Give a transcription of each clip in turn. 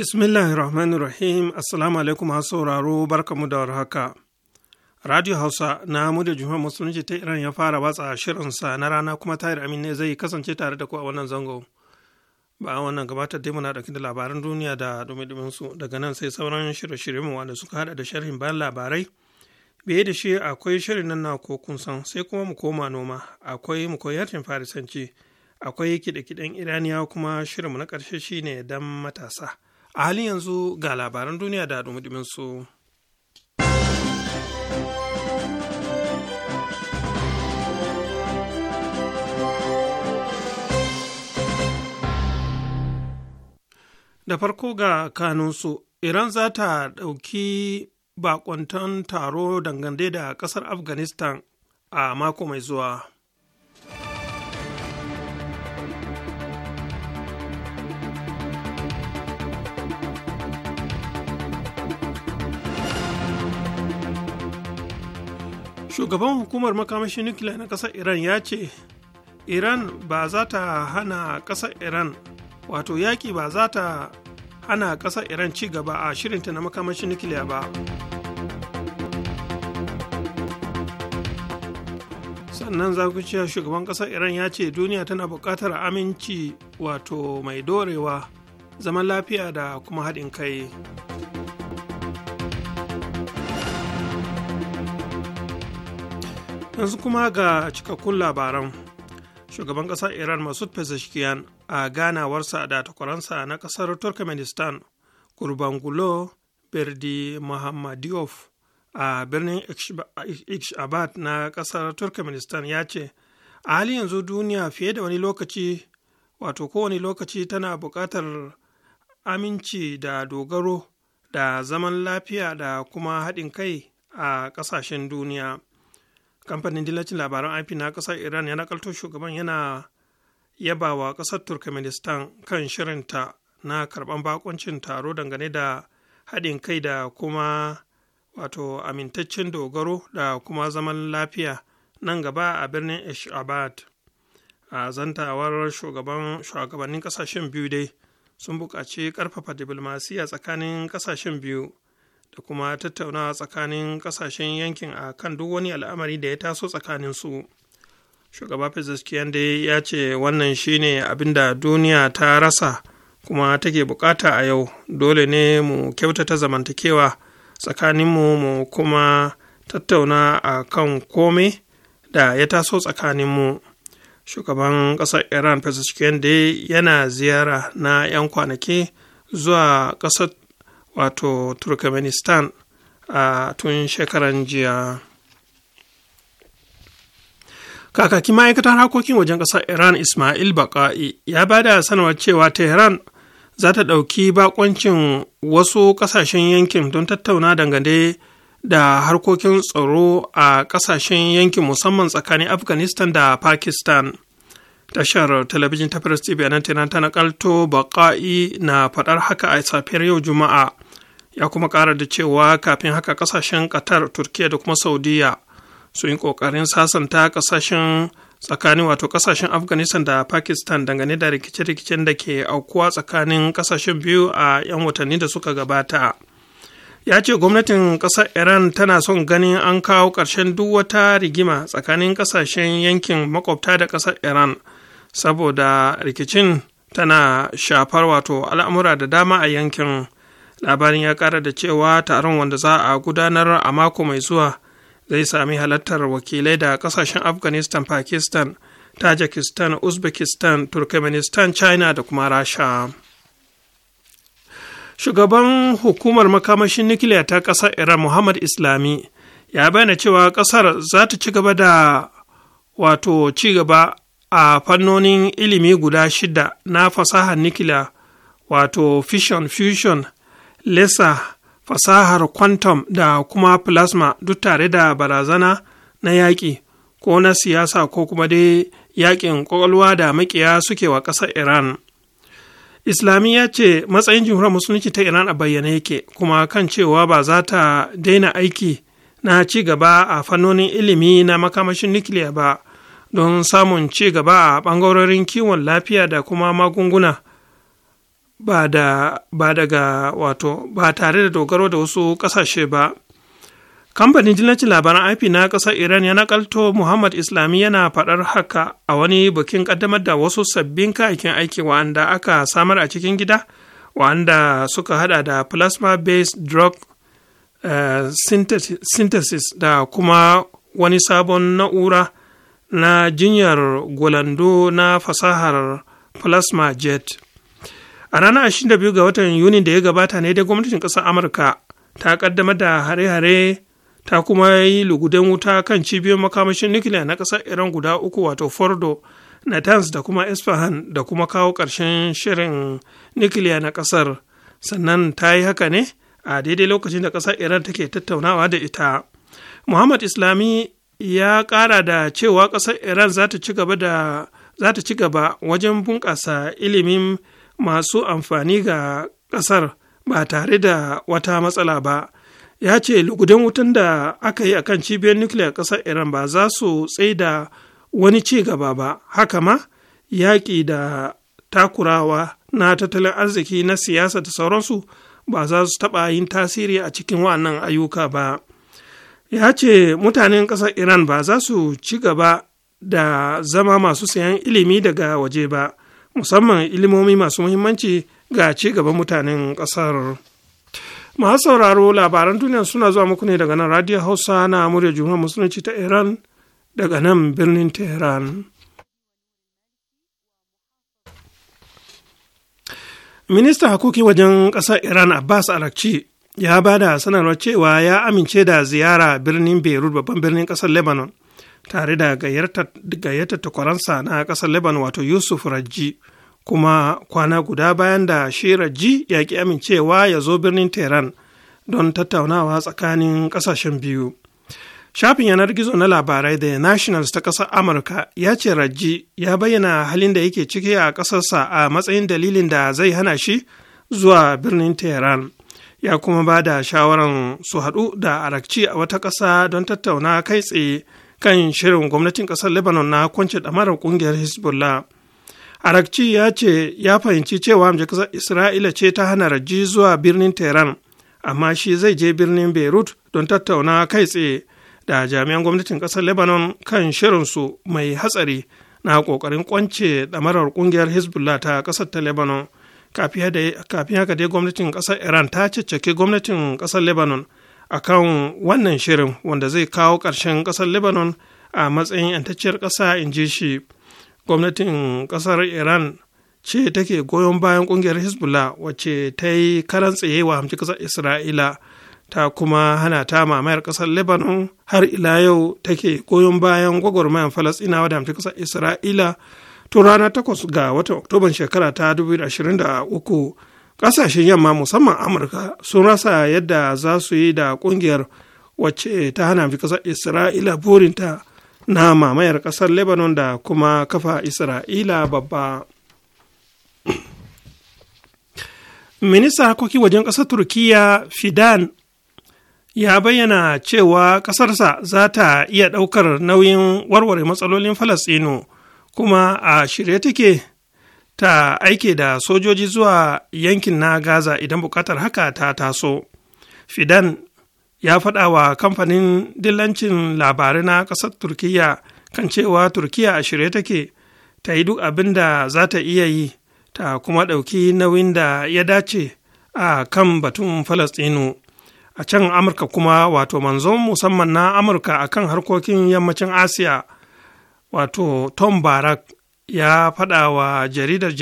Bismillahi Rahmanir Rahim, Assalamu alaikum ha sauraro barkamu da haka. Radio Hausa na mu da Jihar Musulunci ta Iran ya fara watsa shirinsa na rana kuma Tahir Amin ne zai kasance tare da ku a wannan zango. Ba wannan gabatar dai muna ɗauki da labaran duniya da dumi daga nan sai sauran shirye-shiryen mu wanda suka hada da sharhin bayan labarai. Biye da shi akwai shirin nan na ko kun san sai kuma mu koma noma akwai mu koyarcin farisanci akwai kiɗe-kiɗen Iraniya kuma shirin mu na ƙarshe ne dan matasa. a halin yanzu ga labaran duniya da dumudumin su da farko ga kanunsu iran za ta ɗauki bakontan taro dangane da ƙasar afghanistan a mako mai zuwa shugaban hukumar makamashin nukiliya na ƙasar iran ya ce iran ba za ta hana ƙasar iran wato yaƙi ba za ta hana ƙasar iran ci gaba a shirinta na makamashin nukiliya ba sannan za shugaban ƙasar iran ya ce duniya tana buƙatar aminci wato mai dorewa zaman lafiya da kuma haɗin kai. yanzu kuma ga cikakkun labaran shugaban ƙasar iran masud pezeshkian a ganawarsa da takwaransa na ƙasar turkmenistan kurbangulo berdi a birnin Ashgabat na ƙasar turkmenistan ya ce a hali yanzu duniya fiye da wani lokaci wato kowane lokaci tana buƙatar aminci da dogaro da zaman lafiya da kuma haɗin kai a ƙasashen duniya kamfanin dillacin labaran ip na kasar iran ya nakalto shugaban yana yabawa kasar turkmenistan kan shirinta na karban bakuncin taro dangane da haɗin kai da kuma wato amintaccen dogaro da kuma zaman lafiya nan gaba a birnin eshabad A zantawar shugabannin kasashen biyu dai sun buƙaci ƙarfafa diplomasiya tsakanin kasashen biyu da kuma tattauna tsakanin kasashen yankin a kan duk wani al'amari da ya taso tsakanin su shugaba Pezeshkian dai ya ce wannan shine abin da duniya ta rasa kuma take bukata a yau dole ne mu kyautata zamantakewa tsakaninmu mu kuma tattauna a kan kome da ya taso tsakaninmu shugaban ƙasar iran Pezeshkian dai yana ziyara na 'yan kwanaki zuwa ƙasar wato turkmenistan a tun shekaran jiya kakaki ma'aikatar harkokin wajen ƙasar iran ismail baka'i ya ba da sanarwar cewa tehran za ta ɗauki bakoncin wasu ƙasashen yankin don tattauna dangane da harkokin tsaro a ƙasashen yankin musamman tsakanin afghanistan da pakistan tashar talabijin ta press tv tana ta nakalto na faɗar haka a safiyar yau juma'a ya kuma ƙara da cewa kafin haka ƙasashen qatar turkiya da kuma saudiya sun yi ƙoƙarin sasanta ƙasashen tsakanin wato ƙasashen afghanistan da pakistan dangane da rikice-rikicen da ke aukuwa tsakanin ƙasashen biyu a 'yan watanni da suka gabata ya ce gwamnatin ƙasar iran tana son ganin an kawo ƙarshen duk wata rigima tsakanin ƙasashen yankin makwabta da ƙasar iran saboda rikicin tana shafar wato al'amura da dama a yankin labarin ya kara da cewa taron wanda za a gudanar a mako mai zuwa zai sami halartar wakilai da kasashen afghanistan pakistan tajikistan uzbekistan turkmenistan china da kuma rasha shugaban hukumar makamashin nukiliya ta ƙasar iran muhammad islami ya bayyana cewa ƙasar za ta ci gaba da wato ci gaba a fannonin ilimi guda shida na fasahar nukiliya wato fission fusion lesa fasahar quantum da kuma plasma duk tare da barazana na yaƙi ko na siyasa ko kuma dai yaƙin ƙwaƙwalwa da makiya suke wa ƙasar iran islamiyya ce matsayin jimhuriyar musulunci ta iran a bayyane yake kuma kan cewa ba za ta daina aiki na ci gaba a fannonin ilimi na makamashin nukiliya ba don samun ci gaba a ɓangarorin kiwon lafiya da kuma magunguna ba daga wato ba tare da dogaro da wasu kasashe ba kamfanin jilancin labaran ip na ƙasar iran ya nakalto muhammad islami yana faɗar haka a wani bikin ƙaddamar da wasu sabbin kayakin aiki wa'anda aka samar a cikin gida wa'anda suka hada da plasma based drug uh, synthesis da kuma wani sabon na'ura na jinyar gulando na fasahar plasma jet a ranar 22 ga watan yuni da ya gabata ne dai gwamnatin ƙasar amurka ta ƙaddamar da hare-hare ta kuma yi lugudan wuta kan cibiyar makamashin nukiliya na ƙasar iran guda uku wato fordo natanz da kuma isfahan da kuma kawo ƙarshen shirin nukiliya na ƙasar sannan ta yi haka ne a daidai lokacin da ƙasar iran take tattaunawa da ita muhammad islami ya ƙara da cewa ƙasar iran za ta ci gaba wajen bunƙasa ilimin masu amfani ga ƙasar ba tare da wata matsala ba ya ce lugudan wutan da aka yi a kan cibiyar nukiliyar ƙasar iran ba za su tsaida wani ci gaba ba haka ma yaƙi da takurawa na tattalin arziki na siyasa da sauransu ba za su taɓa yin tasiri a cikin wannan ayyuka ba ya ce mutanen ƙasar iran ba za su ci gaba da zama masu sayan ilimi daga waje ba musamman ilimomi masu muhimmanci ga ci gaban mutanen ƙasar. Masu sauraro labaran duniya suna zuwa muku ne daga nan Radio Hausa na murya Juma Musulunci ta Iran daga nan birnin Tehran. Minista hakoki wajen ƙasar Iran Abbas Arakci ya ba da sanarwar cewa ya amince da ziyara birnin Beirut babban birnin ƙasar Lebanon tare da gayyata takwaransa na ƙasar lebanon wato yusuf rajji kuma kwana guda bayan da shi rajji ya ki amincewa ya zo birnin tehran don tattaunawa tsakanin ƙasashen biyu shafin yanar gizo na labarai da nationals ta ƙasar amurka ya ce rajji ya bayyana halin da yake ciki a ƙasarsa a matsayin dalilin da zai hana shi zuwa birnin tehran ya kuma ba da shawaran su haɗu da arakci a wata ƙasa don tattauna kai tsaye kan shirin gwamnatin kasar lebanon na kwance ɗamarar kungiyar hezbollah arakci ya ce ya fahimci cewa hamshe isra'ila ce ta hana raji zuwa birnin tehran amma shi zai je birnin beirut don tattauna kai tsaye da jami'an gwamnatin kasar lebanon kan shirinsu mai hatsari na kokarin kwance ɗamarar kungiyar hezbollah ta kasar ta lebanon kafin haka dai gwamnatin kasar iran ta caccake gwamnatin kasar lebanon akan wannan shirin wanda zai kawo ƙarshen ƙasar lebanon a matsayin 'yantacciyar ƙasa in ji shi gwamnatin ƙasar iran ce take goyon bayan ƙungiyar hezbollah wacce ta yi karan tsaye hamci ƙasar isra'ila ta kuma hana ta mamayar ƙasar lebanon har ila yau take goyon bayan gwagwarmayar falasɗinawa da hamci ƙasar isra'ila tun rana 8 ga watan oktoban shekara ta 2023 ƙasashen yamma musamman amurka sun rasa yadda za su yi da ƙungiyar wacce ta hana fi ƙasar isra'ila burinta na mamayar ƙasar lebanon da kuma kafa isra'ila babba Minista harkoki wajen ƙasar turkiya fidan ya bayyana cewa ƙasarsa za ta iya ɗaukar nauyin warware matsalolin falasɗinu kuma a shirye take ta aike da sojoji zuwa yankin na Gaza idan buƙatar haka ta taso. Fidan ya faɗa wa kamfanin dillancin labarai na ƙasar Turkiyya kan cewa Turkiyya a shirye take ta yi duk abin da za ta iya yi ta kuma ɗauki nauyin da ya dace a kan batun Falastinu. A can Amurka kuma wato manzon musamman na Amurka a kan harkokin yammacin Asiya wato Tom Barak ya faɗa wa jaridar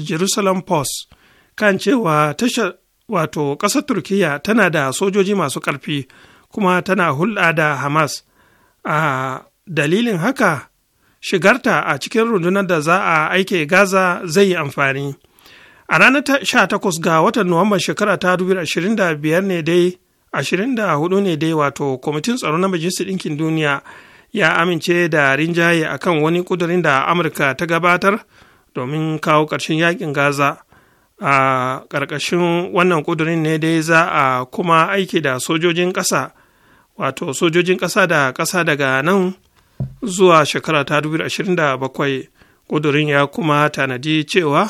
Jerusalem Post kan cewa tashar wato ƙasar Turkiyya tana da sojoji masu ƙarfi kuma tana hulɗa da Hamas. A dalilin haka, shigarta a cikin rundunar da za a aike Gaza zai yi amfani. A ranar 18 ga watan Nuwamban shekara ta 2025 ne dai, 24 ne dai wato Kwamitin Tsaro na Majalisar Ɗinkin Duniya ya amince da rinjaye a kan wani kudurin da amurka ta gabatar domin kawo ƙarshen yakin gaza a ƙarƙashin wannan kudurin ne dai za a kuma aiki da sojojin ƙasa wato sojojin ƙasa da ƙasa daga nan zuwa shekara ta 2027 kudurin ya kuma tanadi cewa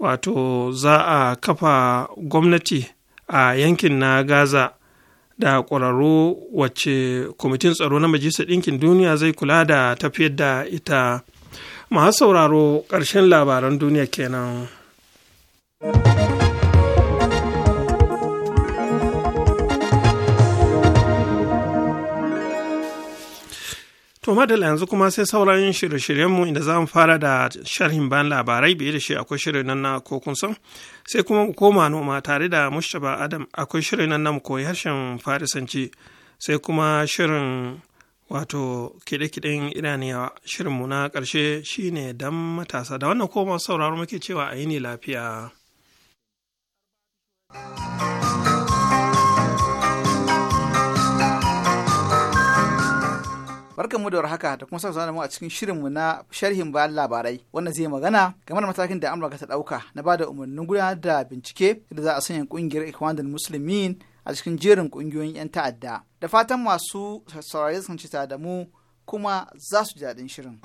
wato za a kafa gwamnati a yankin na gaza da ƙwararru wacce kwamitin tsaro na majalisar ɗinkin duniya zai kula da tafiyar da ita masu sauraro ƙarshen labaran duniya kenan. To madalla yanzu kuma sai sauran shirye-shiryenmu inda za mu fara da sharhin ban labarai biye da shi akwai shirin nan na kokun son sai kuma mu koma noma tare da Mustapha Adam akwai shirin nan na mu koyi harshen Farisanci sai kuma shirin wato kiɗe-kiɗen Iraniyawa mu na karshe shine dan matasa da wannan koma sauraron muke cewa a yi ni lafiya. barkan mu da warhaka da kuma da mu a cikin mu na sharhin bayan labarai wannan zai magana game da matakin da amurka ta dauka na bada umarnin gudanar da bincike da za a sanya kungiyar ikwanul muslimin a cikin jerin kungiyoyin yan ta'adda da fatan masu saurayi sun ci da mu kuma za su ji daɗin shirin.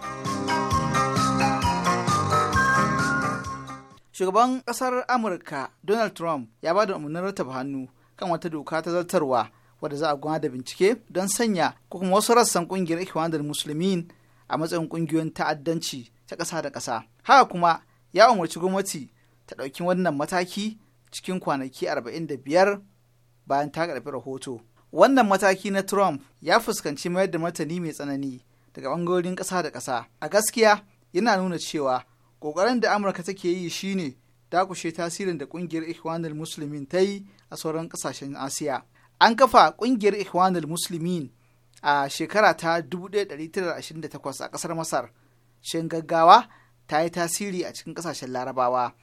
Shugaban ƙasar Amurka Donald Trump ya ba da umarnin rattaba hannu kan wata doka ta zartarwa wadda za a gudanar da bincike don sanya ko kuma wasu rassan kungiyar ikhwanul muslimin a matsayin kungiyoyin ta'addanci ta ƙasa da ƙasa haka kuma ya umarci gwamnati ta ɗauki wannan mataki cikin kwanaki arba'in da biyar bayan ta karɓi rahoto wannan mataki na trump ya fuskanci mayar da martani mai tsanani daga ɓangarorin ƙasa da ƙasa a gaskiya yana nuna cewa ƙoƙarin da amurka take yi shine dakushe tasirin da ƙungiyar ikhwanul muslimin ta yi a sauran ƙasashen asiya an kafa ƙungiyar ikhwanul muslimin a shekara ta 1928 a ƙasar masar shin gaggawa ta yi tasiri a cikin ƙasashen larabawa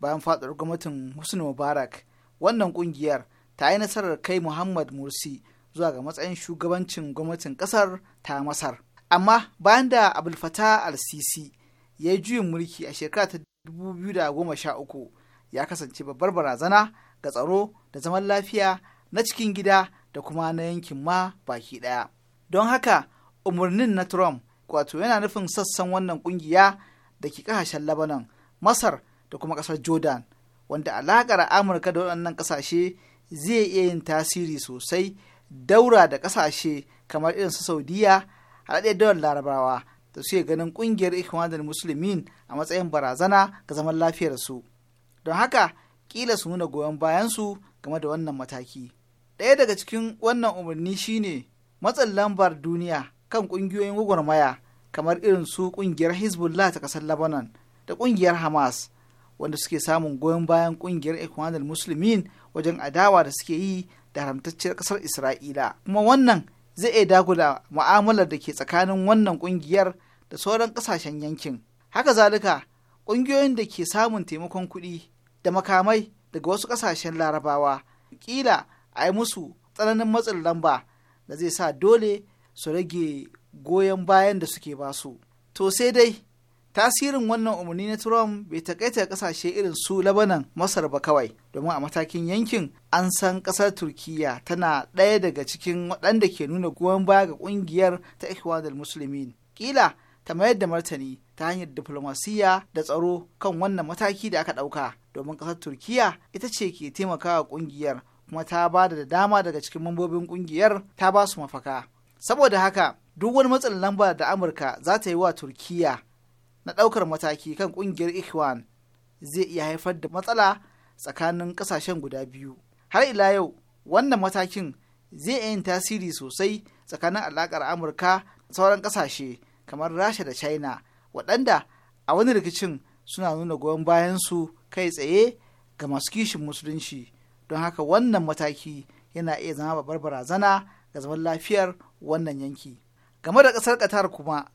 bayan faɗuwar gwamnatin husni mubarak wannan ƙungiyar ta yi nasarar kai muhammad mursi zuwa ga matsayin shugabancin gwamnatin ƙasar ta masar amma bayan da abulfata al-sisi ya yi juyin mulki a shekara ta 2013 ya kasance babbar barazana ga tsaro da zaman lafiya na cikin gida da kuma na yankin ma baki ɗaya. Don haka umarnin na Trump wato yana nufin sassan wannan ƙungiya da ke ƙasashen Lebanon, Masar da kuma ƙasar Jordan, wanda alaƙar Amurka da waɗannan ƙasashe zai iya yin tasiri sosai daura da ƙasashe kamar irin su Saudiya, haɗaɗɗiyar daular Larabawa da suke ganin ƙungiyar Ikhwanul Musulmin a matsayin barazana ga zaman lafiyarsu. Don haka kila su nuna goyon bayansu game da wannan mataki ɗaya daga cikin wannan umarni shine matsin lambar duniya kan ƙungiyoyin gwagwarmaya kamar irin su ƙungiyar hezbollah ta ƙasar lebanon da ƙungiyar hamas wanda suke samun goyon bayan ƙungiyar ikwanul Muslimin wajen adawa da suke yi da haramtacciyar ƙasar isra'ila kuma wannan zai iya dagula mu'amalar da ke tsakanin wannan ƙungiyar da sauran ƙasashen yankin haka zalika ƙungiyoyin da ke samun taimakon kuɗi da makamai daga wasu ƙasashen larabawa kila a yi musu tsananin matsin lamba da zai sa dole su rage goyon bayan da suke basu. To sai dai tasirin wannan umarni na Trump bai takaita ƙasashe irin su Labanan Masar ba kawai domin a matakin yankin an san ƙasar Turkiyya tana ɗaya daga cikin waɗanda ke nuna goyon baya ga ƙungiyar ta Ikhwanul Muslimin. Kila ta mayar da martani ta hanyar diflomasiyya da tsaro kan wannan mataki da aka ɗauka domin ƙasar turkiya ita ce ke taimakawa ƙungiyar kuma ta ba da dama daga cikin mambobin ƙungiyar ta ba su mafaka saboda haka duk wani matsin lamba da amurka za ta yi wa turkiya na ɗaukar mataki kan ƙungiyar ikhwan zai iya haifar da matsala tsakanin ƙasashen guda biyu har ila yau wannan matakin zai yin tasiri sosai tsakanin alaƙar amurka da sauran ƙasashe kamar rasha da china waɗanda a wani rikicin suna nuna goyon bayansu kai tsaye ga masu kishin musulunci don haka wannan mataki yana iya zama babbar barazana ga zaman lafiyar wannan yanki game da ƙasar qatar kuma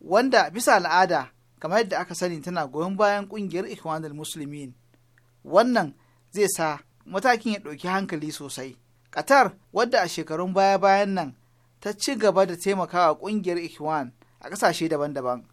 wanda bisa al'ada kamar yadda aka sani tana goyon bayan ƙungiyar ikhwanul muslimin wannan zai sa matakin ya ɗauki hankali sosai qatar wadda a shekarun baya-bayan nan ta ci gaba da taimakawa ƙungiyar ikhwan a ƙasashe daban-daban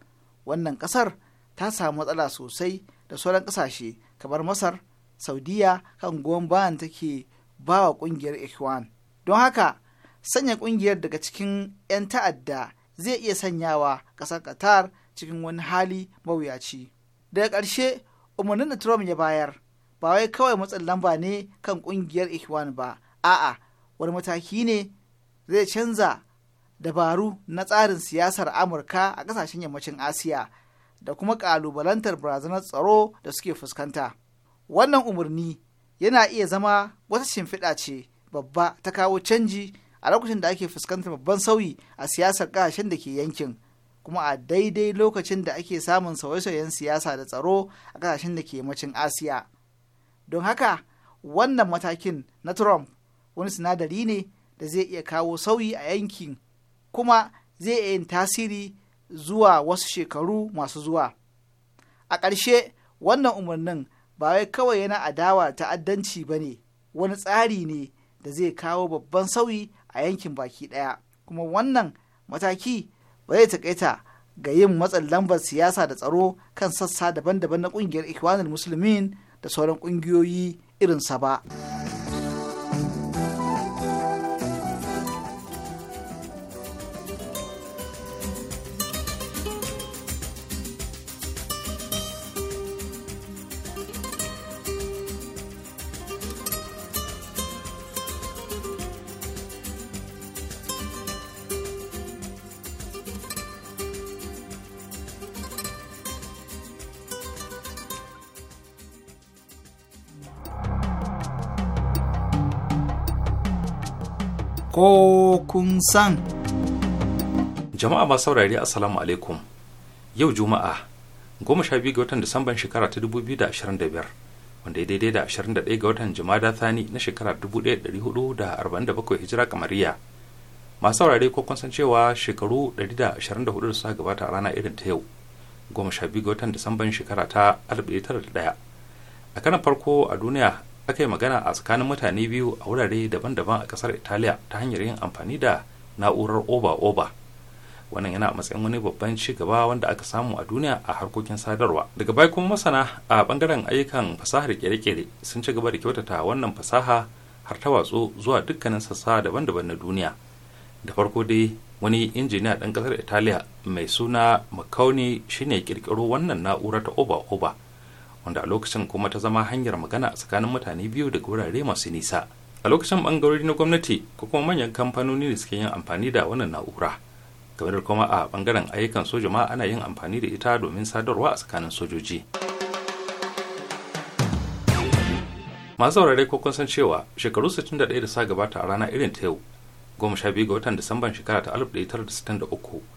wannan ƙasar ta samu matsala sosai da sauran ƙasashe kamar masar saudiya kan goyon bayan take ba wa ƙungiyar ikhwan don haka sanya ƙungiyar daga cikin 'yan ta'adda zai iya sanyawa ƙasar qatar cikin wani hali mawuyaci daga ƙarshe umarnin da trump ya bayar ba wai kawai matsin lamba ne kan ƙungiyar ikhwan ba a'a wani mataki ne zai canza dabaru na tsarin siyasar amurka a ƙasashen yammacin asiya da kuma ƙalubalantar barazanar tsaro da suke fuskanta wannan umarni yana iya zama wata shimfiɗa ce babba ta kawo canji a lokacin da ake fuskantar babban sauyi a siyasar ƙasashen da ke yankin kuma a daidai lokacin da ake samun sauye-sauyen siyasa da tsaro a ƙasashen da ke yammacin asiya don haka wannan matakin na trump wani sinadari ne da zai iya kawo sauyi a yankin kuma zai iya yin tasiri zuwa wasu shekaru masu zuwa a ƙarshe wannan umarnin ba wai kawai yana adawa ta'addanci ba ne wani tsari ne da zai kawo babban sauyi a yankin baki ɗaya kuma wannan mataki ba zai taƙaita ga yin matsan lambar siyasa da tsaro kan sassa daban-daban na ƙungiyar ikwanul musulmin da sauran ƙungiyoyi irinsa ba. kun san. Jama'a masu saurari Assalamu alaikum. Yau Juma'a, goma sha biyu ga watan Disamban shekara ta dubu biyu da ashirin da biyar, wanda ya daidai da ashirin da ɗaya ga watan Jumada Thani na shekara dubu ɗaya ɗari hudu da arba'in da bakwai hijira kamariya. Masu saurari ko kun san cewa shekaru ɗari da ashirin da hudu da suka gabata a rana irin ta yau, goma sha biyu ga watan Disamban shekara ta alif ɗaya tara da ɗaya. A kanan farko a duniya aka yi magana a tsakanin mutane biyu a wurare daban-daban a kasar italiya ta hanyar yin amfani da na'urar oba-oba wannan yana a matsayin wani babban ci gaba wanda aka samu a duniya a harkokin sadarwa daga baya kuma masana a bangaren ayyukan fasahar kere-kere sun ci gaba da kyautata wannan fasaha har ta watsu zuwa dukkanin sassa daban-daban na duniya da farko dai wani injiniya ɗan ƙasar italiya mai suna makauni shine ƙirƙiro wannan na'ura ta oba-oba wanda a lokacin kuma ta zama hanyar magana a tsakanin mutane biyu daga wurare masu nisa a lokacin bangarori na gwamnati ko kuma manyan kamfanoni da suke yin amfani da wannan na'ura game da kuma a bangaren ayyukan soja ma ana yin amfani da ita domin sadarwa a tsakanin sojoji masu saurare ko kun san cewa shekaru 61 da sa gabata a rana irin ta yau goma sha biyu ga watan disamban shekara ta 1963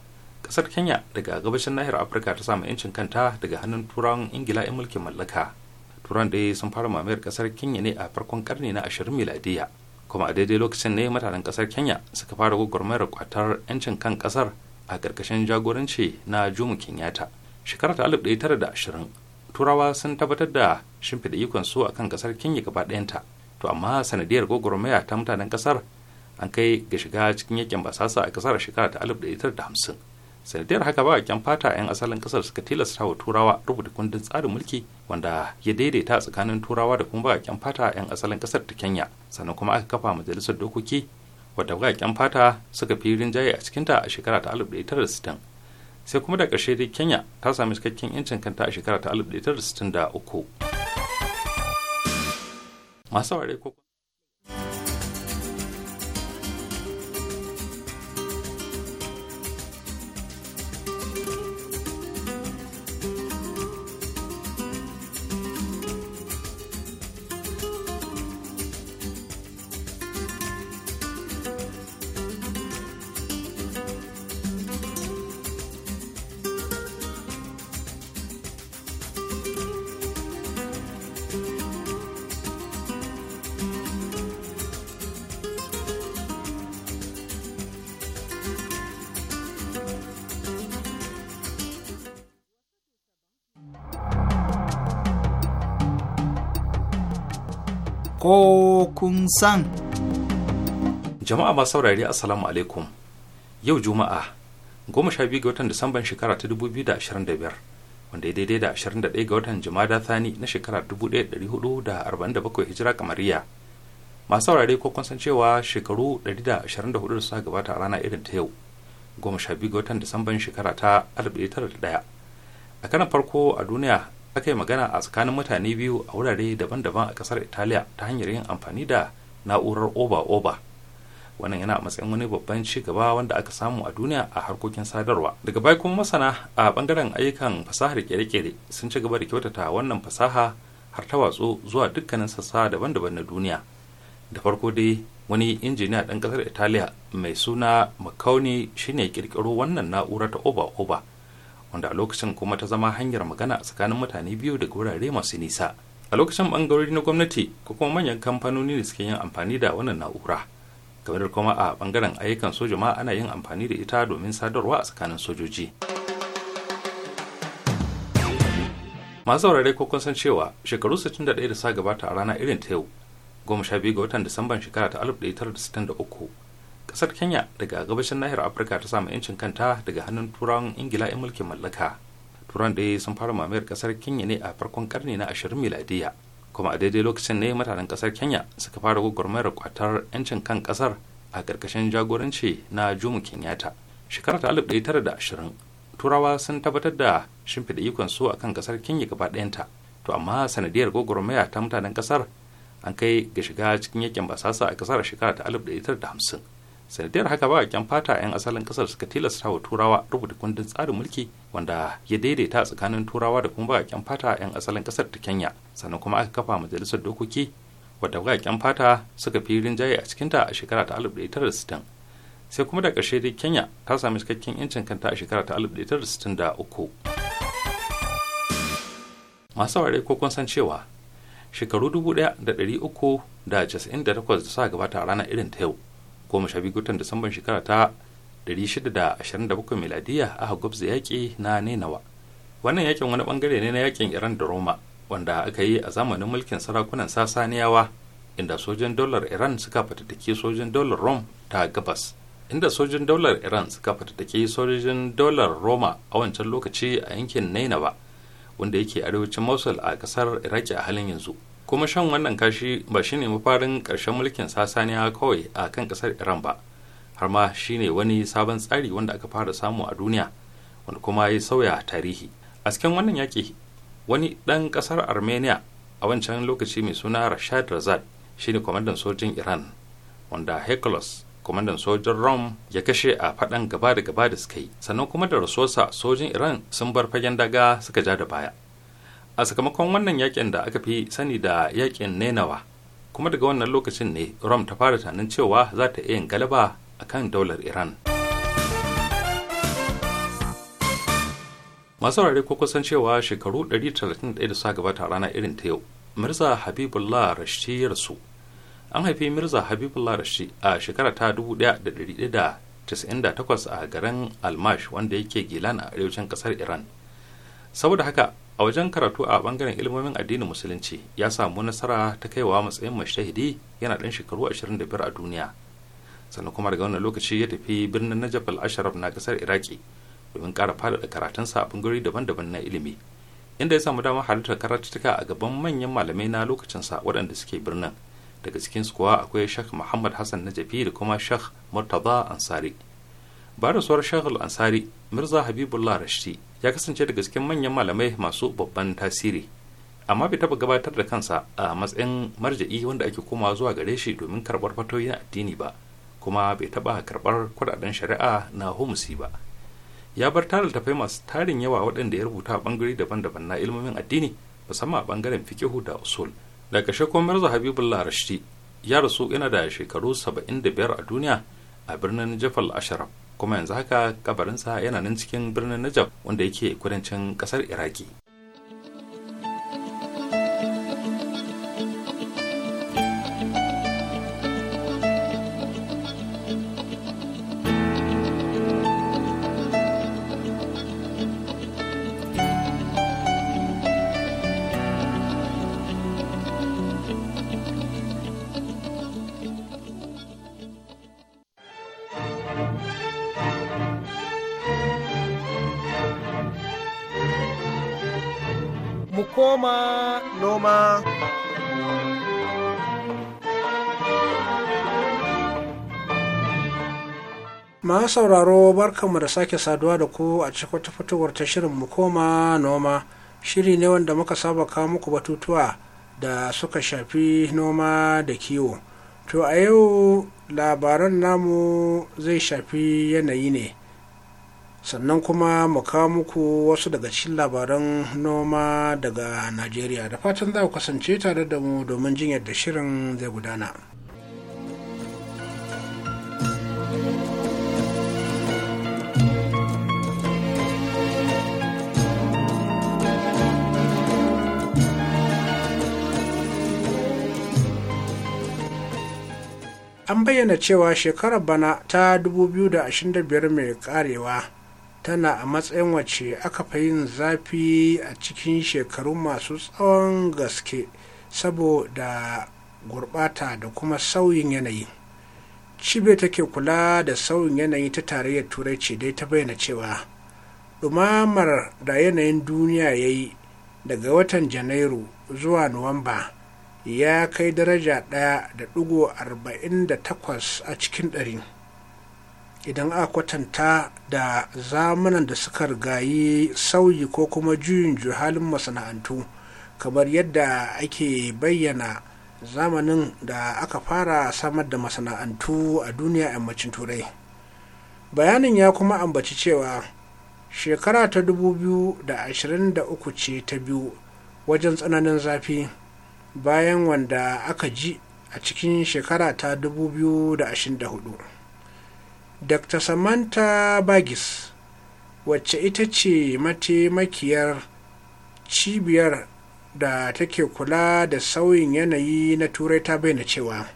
kasar kenya daga gabashin nahiyar afirka ta samu yancin kanta daga hannun turawan ingila 'yan mulkin mallaka turan dai sun fara mamayar kasar kenya ne a farkon karni na 20 miladiya kuma a daidai lokacin ne mutanen kasar kenya suka fara gwagwarmayar kwatar yancin kan kasar a karkashin jagoranci na jomo kenyatta shekara ta 1920 turawa sun tabbatar da shimfiɗa ikon su a kan kasar kenya gaba ɗayanta to amma sanadiyar gwagwarmaya ta mutanen kasar an kai ga shiga cikin yakin basasa a kasar shekara ta 1950 sanadiyar haka baƙaƙen fata 'yan asalin kasar suka tilasta wa turawa rubuta kundin tsarin mulki wanda ya daidaita tsakanin turawa da kuma baƙaƙen fata 'yan asalin ƙasar ta kenya sannan kuma aka kafa majalisar dokoki wadda baƙaƙen fata suka fi rinjaye a cikinta a shekara ta 1960 sai kuma da ƙarshe dai kenya ta sami cikakken 'yancin kanta a shekara ta 1963 masu saurare ko kun san. Jama'a masu saurari Assalamu alaikum. Yau Juma'a, goma sha biyu ga watan Disamban shekara ta dubu biyu da ashirin da biyar, wanda ya daidai da ashirin da ɗaya ga watan Jumada Thani na shekara dubu ɗaya ɗari hudu da arba'in da bakwai hijira kamariya. Masu saurari ko kun san cewa shekaru ɗari da ashirin da hudu da suka gabata a rana irin ta yau, goma sha biyu ga watan Disamban shekara ta alif ɗaya tara da ɗaya. A kanan farko a duniya aka yi magana a tsakanin mutane biyu a wurare daban-daban a kasar italiya ta hanyar yin amfani da na'urar oba-oba wannan yana a matsayin wani babban ci gaba wanda aka samu a duniya a harkokin sadarwa daga baya kuma masana a bangaren ayyukan fasahar kere-kere sun ci gaba da kyautata wannan fasaha har ta watsu zuwa dukkanin sassa daban-daban na duniya da farko dai wani injiniya ɗan ƙasar italiya mai suna makauni shine kirkiro wannan na'ura ta oba-oba wanda a lokacin kuma ta zama hanyar magana tsakanin mutane biyu daga wurare masu nisa a lokacin bangarori na gwamnati ko kuma manyan kamfanoni da suke yin amfani da wannan na'ura kamar kuma a bangaren ayyukan soja ma ana yin amfani da ita domin sadarwa a tsakanin sojoji masu saurare ko kun san cewa shekaru 61 da sa gabata a rana irin ta yau biyu ga watan disamban shekara ta 1963 kasar kenya daga gabashin nahiyar afirka ta samu yancin kanta daga hannun turawan ingila 'yan mulkin mallaka turan da sun fara mamayar kasar kenya ne a farkon karni na 20 miladiya kuma a daidai lokacin ne mutanen kasar kenya suka fara gwagwarmayar kwatar yancin kan kasar a karkashin jagoranci na jomo kenyatta shekarar ta 1920 turawa sun tabbatar da shimfiɗa ikon su akan kasar kenya gaba ɗayanta to amma sanadiyar gwagwarmaya ta mutanen kasar an kai ga shiga cikin yakin basasa a kasar shekara ta 1950 sanadiyar haka ba kyan fata 'yan asalin kasar suka tilasta wa turawa rubuta kundin tsarin mulki wanda ya daidaita tsakanin turawa da kuma baƙaƙen fata 'yan asalin kasar ta kenya sannan kuma aka kafa majalisar dokoki wadda baƙaƙen fata suka fi rinjaye a cikinta a shekara ta 1960 sai kuma da ƙarshe dai kenya ta sami cikakken 'yancin kanta a shekara ta 1963 masu ware ko kun san cewa shekaru 1398 da suka gabata a ranar irin ta yau goma sha biyu watan disamban shekara ta 627 miladiya aka gwabza yaƙi na nenawa wannan yakin wani bangare ne na yakin iran da roma wanda aka yi a zamanin mulkin sarakunan sasaniyawa inda sojin daular iran suka fatattake sojin daular rome ta gabas inda sojin daular iran suka fatattake sojin daular roma a wancan lokaci a yankin nainawa wanda yake arewacin mosul a kasar iraki a halin yanzu kuma shan wannan kashi ba shi ne mafarin karshen mulkin sasaniya kawai a kan ƙasar iran ba har ma ne wani sabon tsari wanda aka fara samu a duniya wanda kuma ya sauya tarihi a cikin wannan yaƙi wani ɗan ƙasar armenia a wancan lokaci mai suna rashad razad shi ne kwamandan sojin iran wanda hekulos kwamandan sojin rom ya kashe a faɗan gaba da gaba da suka yi sannan kuma da rasuwarsa sojin iran sun bar fagen daga suka ja da baya a sakamakon wannan yakin da aka fi sani da yakin nenawa kuma daga wannan lokacin ne rom ta fara tunanin cewa za ta iya yin galaba a kan daular iran masu rare ko kusan cewa shekaru 131 da suka gabata rana irin ta yau mirza habibullah rashi ya rasu an haifi mirza habibullah rashi a shekara ta 1998 a garin almash wanda yake gilan a arewacin kasar iran saboda haka a wajen karatu a bangaren ilmomin addinin musulunci ya samu nasara ta kaiwa matsayin mashahidi yana ɗan shekaru 25 a duniya sannan kuma daga wannan lokaci ya tafi birnin najaf al ashraf na kasar iraki domin ƙara faɗaɗa karatunsa a bangarori daban-daban na ilimi inda ya samu damar halartar karatuttuka a gaban manyan malamai na lokacinsa waɗanda suke birnin daga cikin su kuwa akwai shak muhammad hassan najafi da kuma shak murtaza ansari bayan rasuwar shak al-ansari mirza habibullah rashidi ya kasance daga cikin manyan malamai masu babban tasiri amma bai taba gabatar da kansa a matsayin marja'i wanda ake komawa zuwa gare shi domin karɓar fatoyin addini ba kuma bai taɓa karɓar kudaden shari'a na humusi ba ya bar tarin tafai masu tarin yawa waɗanda ya rubuta a ɓangare daban-daban na ilmomin addini musamman a ɓangaren fikihu da usul da kashe kuma mirza habibullah rashidi ya rasu yana da shekaru saba'in da biyar a duniya a birnin jafal asharaf kuma yanzu haka kabarinsa yana nan cikin birnin najaf wanda yake kudancin kasar iraki masu sauraro barkanmu da sake saduwa da ku a cikin wata fitowar ta shirin mu koma noma shiri ne wanda muka saba kawo muku batutuwa da suka shafi noma da kiwo to a yau labaran namu zai shafi yanayi ne sannan kuma mu kawo muku wasu daga cikin labaran noma daga najeriya da fatan za ku kasance tare da mu domin jin yadda shirin zai gudana an bayyana cewa shekarar bana ta 2025 mai karewa tana a matsayin wacce aka fi yin zafi a cikin shekaru masu tsawon gaske saboda gurbata da kuma sauyin yanayi cibe take kula da sauyin yanayi ta tarayyar turai ce dai ta bayyana cewa ɗumamar da yanayin duniya ya yi daga watan janairu zuwa nuwamba ya kai daraja ɗaya da ɗigo arba'in da takwas a cikin ɗari idan a kwatanta da zamanan da suka rigayi sauyi ko kuma juyin juhalin masana'antu kamar yadda ake bayyana zamanin da aka fara samar da masana'antu a duniya yammacin turai bayanin ya kuma ambaci cewa shekara ta 2023 ce ta biyu wajen tsananin zafi bayan wanda aka ji a cikin shekara ta 2024 dr samantha bagis wacce ita ce mataimakiyar cibiyar da take kula da sauyin yanayi na turai ta bayyana cewa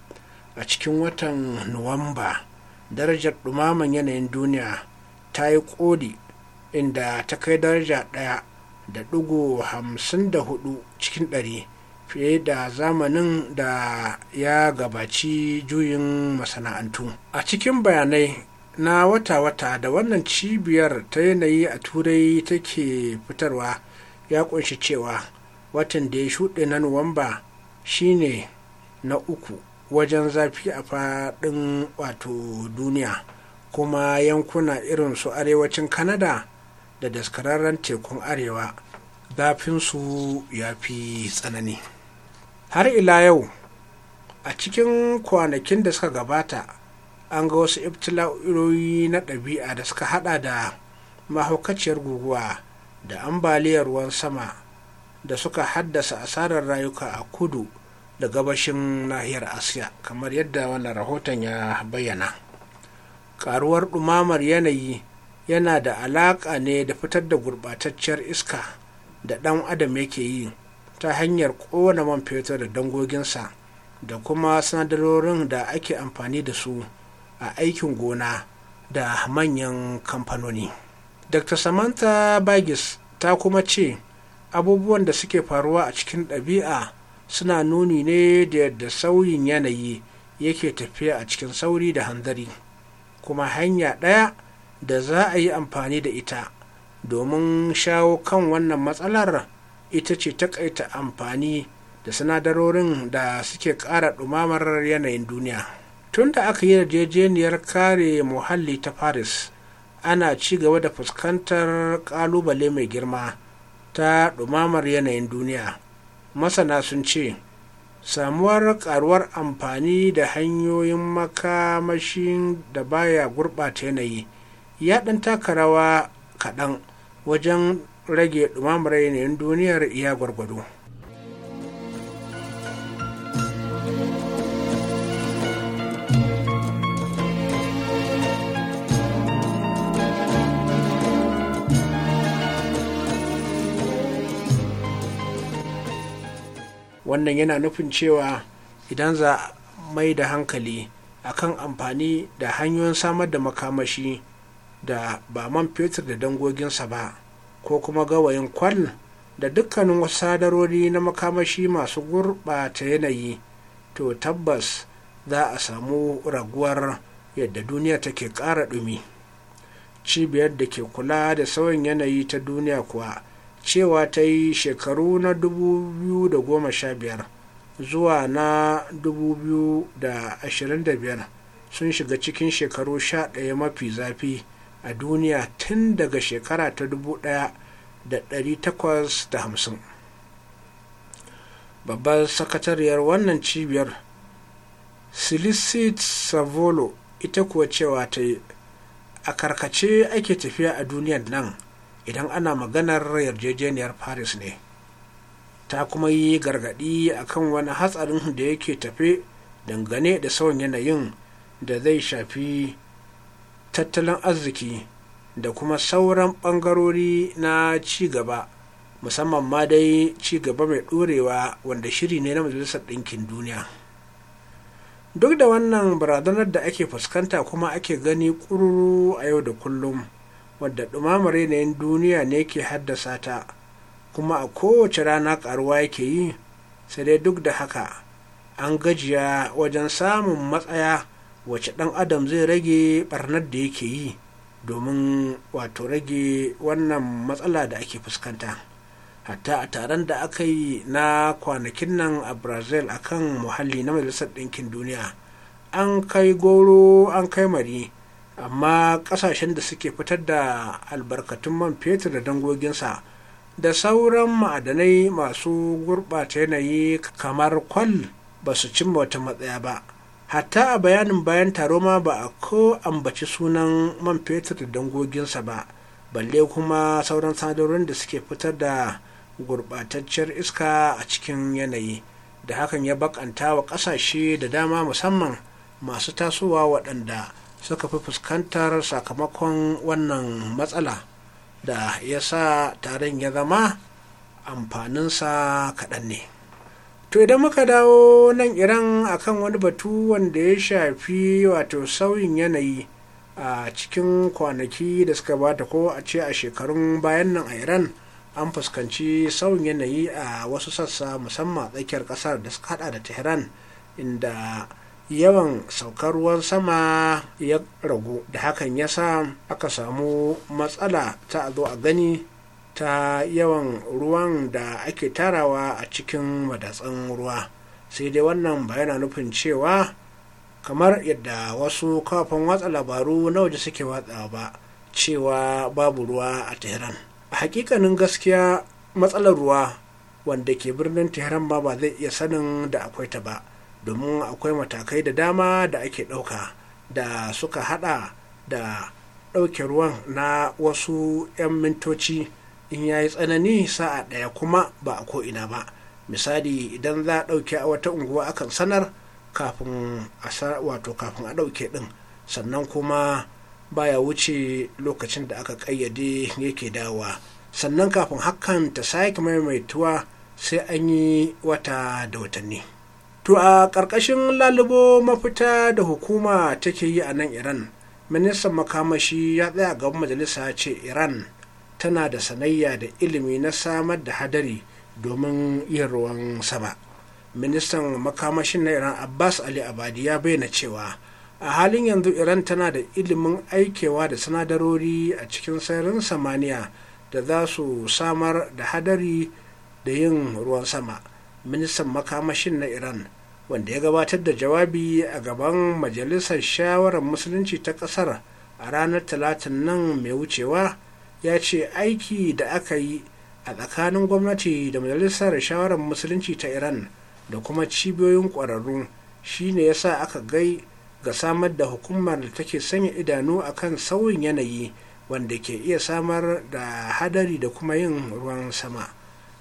a cikin watan nuwamba darajar dumaman yanayin duniya ta yi koli inda ta kai daraja ɗaya da ɗigo hamsin hudu cikin ɗari fiye da zamanin da ya gabaci juyin masana'antu a cikin bayanai na wata-wata da wannan cibiyar ta yanayi a turai take fitarwa ya kunshi cewa watan da ya shuɗe na nuwamba shine na uku wajen zafi a faɗin wato duniya kuma yankuna irin su arewacin Kanada da daskararren tekun arewa zafinsu ya fi tsanani har ila yau a cikin kwanakin da suka gabata an ga wasu ibtila'irori na ɗabi'a da suka hada da mahaukaciyar guguwa da ambaliyar ruwan sama da suka haddasa asarar rayuka a kudu da gabashin nahiyar asiya kamar yadda wannan rahoton ya bayyana karuwar ɗumamar yanayi yana da alaƙa ne da fitar da gurɓatacciyar iska da ɗan adam yake yi ta hanyar kona man fetur da dangoginsa da kuma sinadarorin da ake amfani da su a aikin gona da manyan kamfanoni dr samantha bagis ta kuma ce abubuwan da suke faruwa a cikin ɗabi'a suna nuni ne da yadda sauyin yanayi yake tafiya a cikin sauri da hanzari kuma hanya ɗaya da za a yi amfani da ita domin shawo kan wannan matsalar ita ce takaita amfani da sinadarorin da suke ƙara ɗumamar yanayin duniya tun da aka yi yarjejeniyar kare muhalli ta paris ana ci gaba da fuskantar ƙalubale mai girma ta ɗumamar yanayin duniya masana sun ce samuwar karuwar amfani da hanyoyin makamashin da baya gurɓata yanayi ya ɗan taka rawa kaɗan wajen rage ɗumamar yanayin duniyar iya gwargwado wannan yana nufin cewa idan za mai da hankali akan amfani da hanyoyin samar da makamashi da ba man fetur da dangoginsa ba ko kuma gawayin kwal da dukkanin wasu sadarori na makamashi masu gurɓata yanayi to tabbas za a samu raguwar yadda duniya take ƙara ɗumi cibiyar da ke kula da sauyin yanayi ta duniya kuwa cewa ta yi shekaru na 2015 zuwa na 2025 sun shiga cikin shekaru 11 mafi zafi a duniya tun daga shekara ta 1850 babbar sakatariyar wannan cibiyar silicit savolo ita kuwa cewa ta yi a karkace ake tafiya a duniyar nan idan ana maganar yarjejeniyar paris ne ta kuma yi gargaɗi akan wani hatsarin da yake tafe dangane da sauyin yanayin da zai shafi tattalin arziki da kuma sauran ɓangarori na ci gaba musamman ma dai ci gaba mai ɗorewa wanda shiri ne na majalisar ɗinkin duniya duk da wannan barazanar da ake fuskanta kuma ake gani ƙururu a yau da kullum wadda ɗumamar yanayin duniya ne ke haddasa ta kuma a kowace rana ƙaruwa yake yi sai dai duk da haka an gajiya wajen samun matsaya wace ɗan adam zai rage ɓarnar da yake yi domin wato rage wannan matsala da ake fuskanta hatta a taron da aka yi na kwanakin nan a brazil a kan muhalli na majalisar ɗinkin duniya an kai goro an kai mari amma ƙasashen da suke fitar da albarkatun man fetur da dangoginsa da sauran ma'adanai masu gurɓata yanayi kamar kwal ba su cimma wata matsaya ba hatta a bayanin bayan taro ma ba a ko ambaci sunan man fetur da dangoginsa ba balle kuma sauran sadarorin da suke fitar da gurɓatacciyar iska a cikin yanayi da hakan ya bakanta wa ƙasashe da dama musamman masu tasowa waɗanda suka fi fuskantar sakamakon wannan matsala da ya sa taron ya zama amfaninsa kaɗan ne. to idan muka dawo nan iran akan wani batu wanda ya shafi wato sauyin yanayi a cikin kwanaki da suka bata ko a ce a shekarun bayan nan a iran an fuskanci sauyin yanayi a wasu sassa musamman tsakiyar kasar da suka hada da tehran inda yawan saukar ruwan sama ya ragu da hakan ya sa aka samu matsala ta a zo a gani ta yawan ruwan da ake tarawa a cikin madatsan ruwa sai dai wannan ba yana nufin cewa kamar yadda wasu kafin watsa labaru na waje suke watsa ba cewa babu ruwa a tehran a hakikanin gaskiya matsalar ruwa wanda ke birnin tehran ma ba zai iya sanin da akwai ta ba domin akwai matakai da dama da ake ɗauka da suka hada da ɗauke ruwan na wasu 'yan mintoci in ya yi tsanani sa'a ɗaya kuma ba a ko'ina ba misali idan za a ɗauke a wata unguwa akan sanar kafin a wato kafin a ɗauke ɗin sannan kuma baya wuce lokacin da aka ƙayyade yake dawa sannan kafin hakan ta sake maimaituwa sai an yi wata da watanni to a ƙarƙashin lalubo mafita da hukuma take yi a nan iran ministan makamashi ya tsaya gaban majalisa ce iran tana da sanayya da ilimi na samar da hadari domin yin ruwan sama ministan makamashin na iran abbas ali abadi ya bayyana cewa a halin yanzu iran tana da ilimin aikewa da sinadarori a cikin sararin samaniya da za su samar da hadari da yin ruwan sama ministan makamashin na iran wanda ya gabatar da jawabi a gaban majalisar shawarar musulunci ta kasar a ranar talatin nan mai wucewa ya ce aiki da aka yi a tsakanin gwamnati da majalisar shawarar musulunci ta iran da kuma cibiyoyin ƙwararru shine ya sa aka gai ga samar da hukumar da take sanya idanu a kan sauyin yanayi wanda ke iya samar da hadari da kuma yin ruwan sama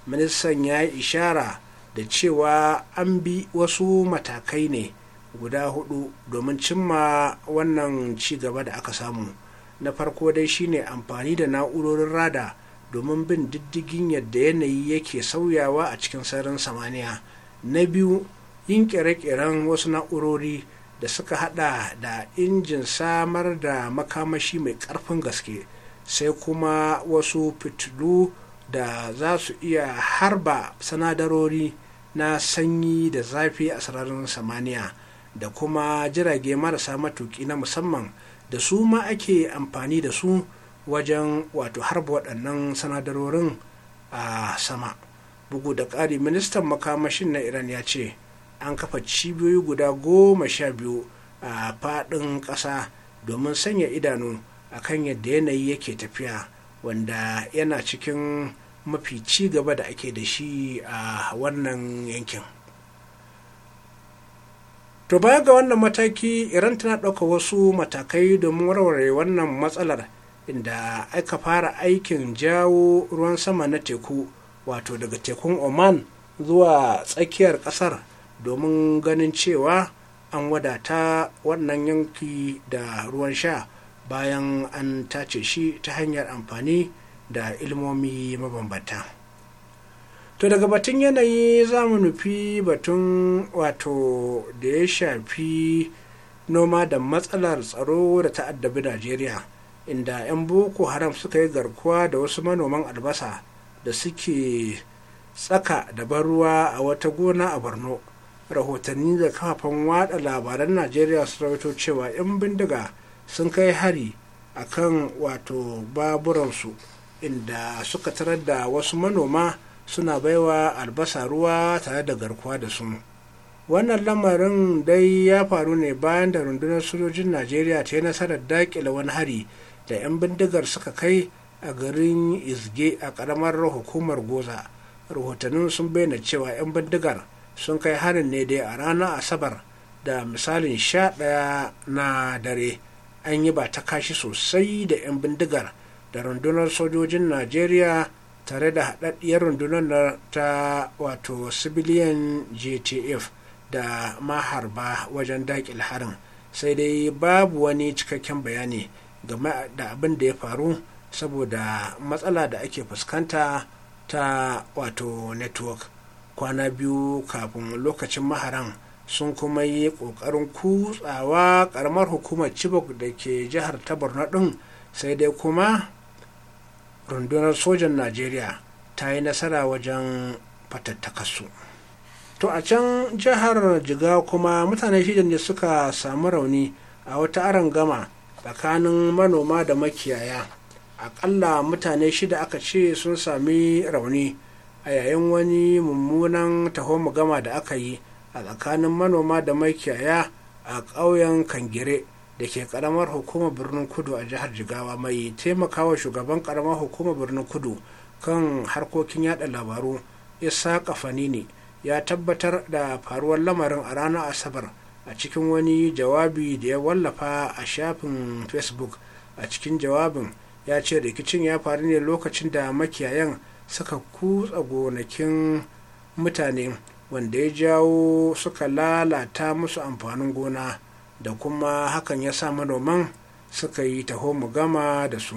ministan ya yi ishara da cewa an bi wasu matakai ne guda hudu domin cimma wannan ci gaba da aka samu na farko dai shine amfani da na'urorin rada domin bin diddigin yadda yanayi yake sauyawa a cikin sararin samaniya na biyu yin kere-keren wasu na'urori da suka hada da injin samar da makamashi mai karfin gaske sai kuma wasu fitilu da za su iya harba sanadarori na sanyi da zafi a sararin samaniya da kuma jirage marasa matuki na musamman da su ma ake amfani da su wajen wato harba waɗannan sanadarorin a sama bugu da ƙari ministan makamashin na iran ya ce an kafa cibiyoyi guda goma sha biyu a faɗin ƙasa domin sanya idanu a kan yadda yanayi yake tafiya wanda yana cikin mafi ci gaba da ake da shi a wannan yankin. to baya ga wannan mataki iran tana ɗauka wasu matakai domin warware wannan matsalar inda aka fara aikin jawo ruwan sama na teku wato daga tekun oman zuwa tsakiyar ƙasar domin ganin cewa an wadata wannan yanki da ruwan sha bayan an tace shi ta hanyar amfani da ilmomi mabambanta. to daga batun yanayi za mu nufi batun wato da ya shafi noma da matsalar tsaro da ta'addabi najeriya inda 'yan boko haram suka yi garkuwa da wasu manoman albasa da suke tsaka da ban ruwa a wata gona a borno rahotanni da kafafen watsa labaran najeriya su rawaito cewa 'yan bindiga sun kai hari a kan wato baburansu inda suka tarar da wasu manoma suna baiwa albasa ruwa tare da garkuwa da su wannan lamarin dai ya faru ne bayan da rundunar sojojin najeriya ta yi nasarar dakile wani hari da 'yan bindigar suka kai a garin izge a ƙaramar hukumar goza rahotannin sun bayyana cewa 'yan bindigar sun kai harin ne dai a ranar asabar da misalin sha ɗaya na dare an yi ba ta kashi sosai da 'yan bindigar da rundunar sojojin najeriya tare da haɗaɗɗiyar rundunar ta wato civilian gtf da maharba wajen daƙil harin sai dai babu wani cikakken bayani game da abin da ya faru saboda matsala da ake fuskanta ta wato network kwana biyu kafin lokacin maharan sun kuma yi ƙoƙarin kutsawa ƙaramar hukumar chibok da ke jihar ta borno ɗin sai dai kuma rundunar sojan najeriya ta yi nasara wajen su. to a can jihar jiga kuma mutane shida ne suka samu rauni a wata aron gama tsakanin manoma da makiyaya akalla mutane shida aka ce sun sami rauni a yayin wani mummunan taho gama da aka yi a tsakanin manoma da makiyaya a ƙauyen kangire da ke karamar hukumar birnin kudu a jihar jigawa mai taimakawa shugaban karamar hukumar birnin kudu kan harkokin yada labaru isa kafanini ya tabbatar da faruwar lamarin a ranar asabar a cikin wani jawabi da ya wallafa a shafin facebook a cikin jawabin ya ce rikicin ya faru ne lokacin da makiyayan suka kutsa gonakin mutane wanda ya jawo suka lalata musu amfanin gona da kuma hakan ya sa manoman suka yi taho mu gama da su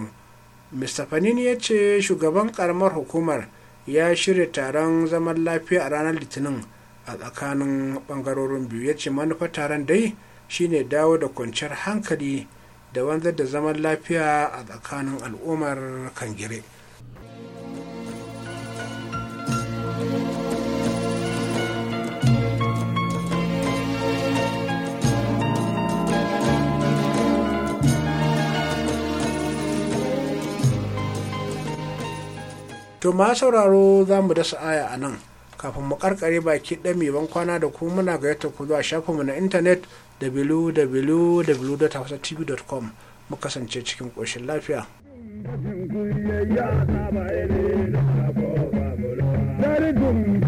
mr fanini ya ce shugaban karamar hukumar ya shirya taron zaman lafiya a ranar litinin a tsakanin bangarorin biyu ya ce manufar taron dai shine dawo da kwanciyar hankali da wanzar da zaman lafiya a tsakanin al'ummar kangire. to ma sauraro za mu dasa aya a nan kafin mu karkare baki ɗame ban kwana da kuma muna gayyata ku zuwa shafinmu na intanet www.hausatv.com mu kasance cikin ƙoshin lafiya. Dari dum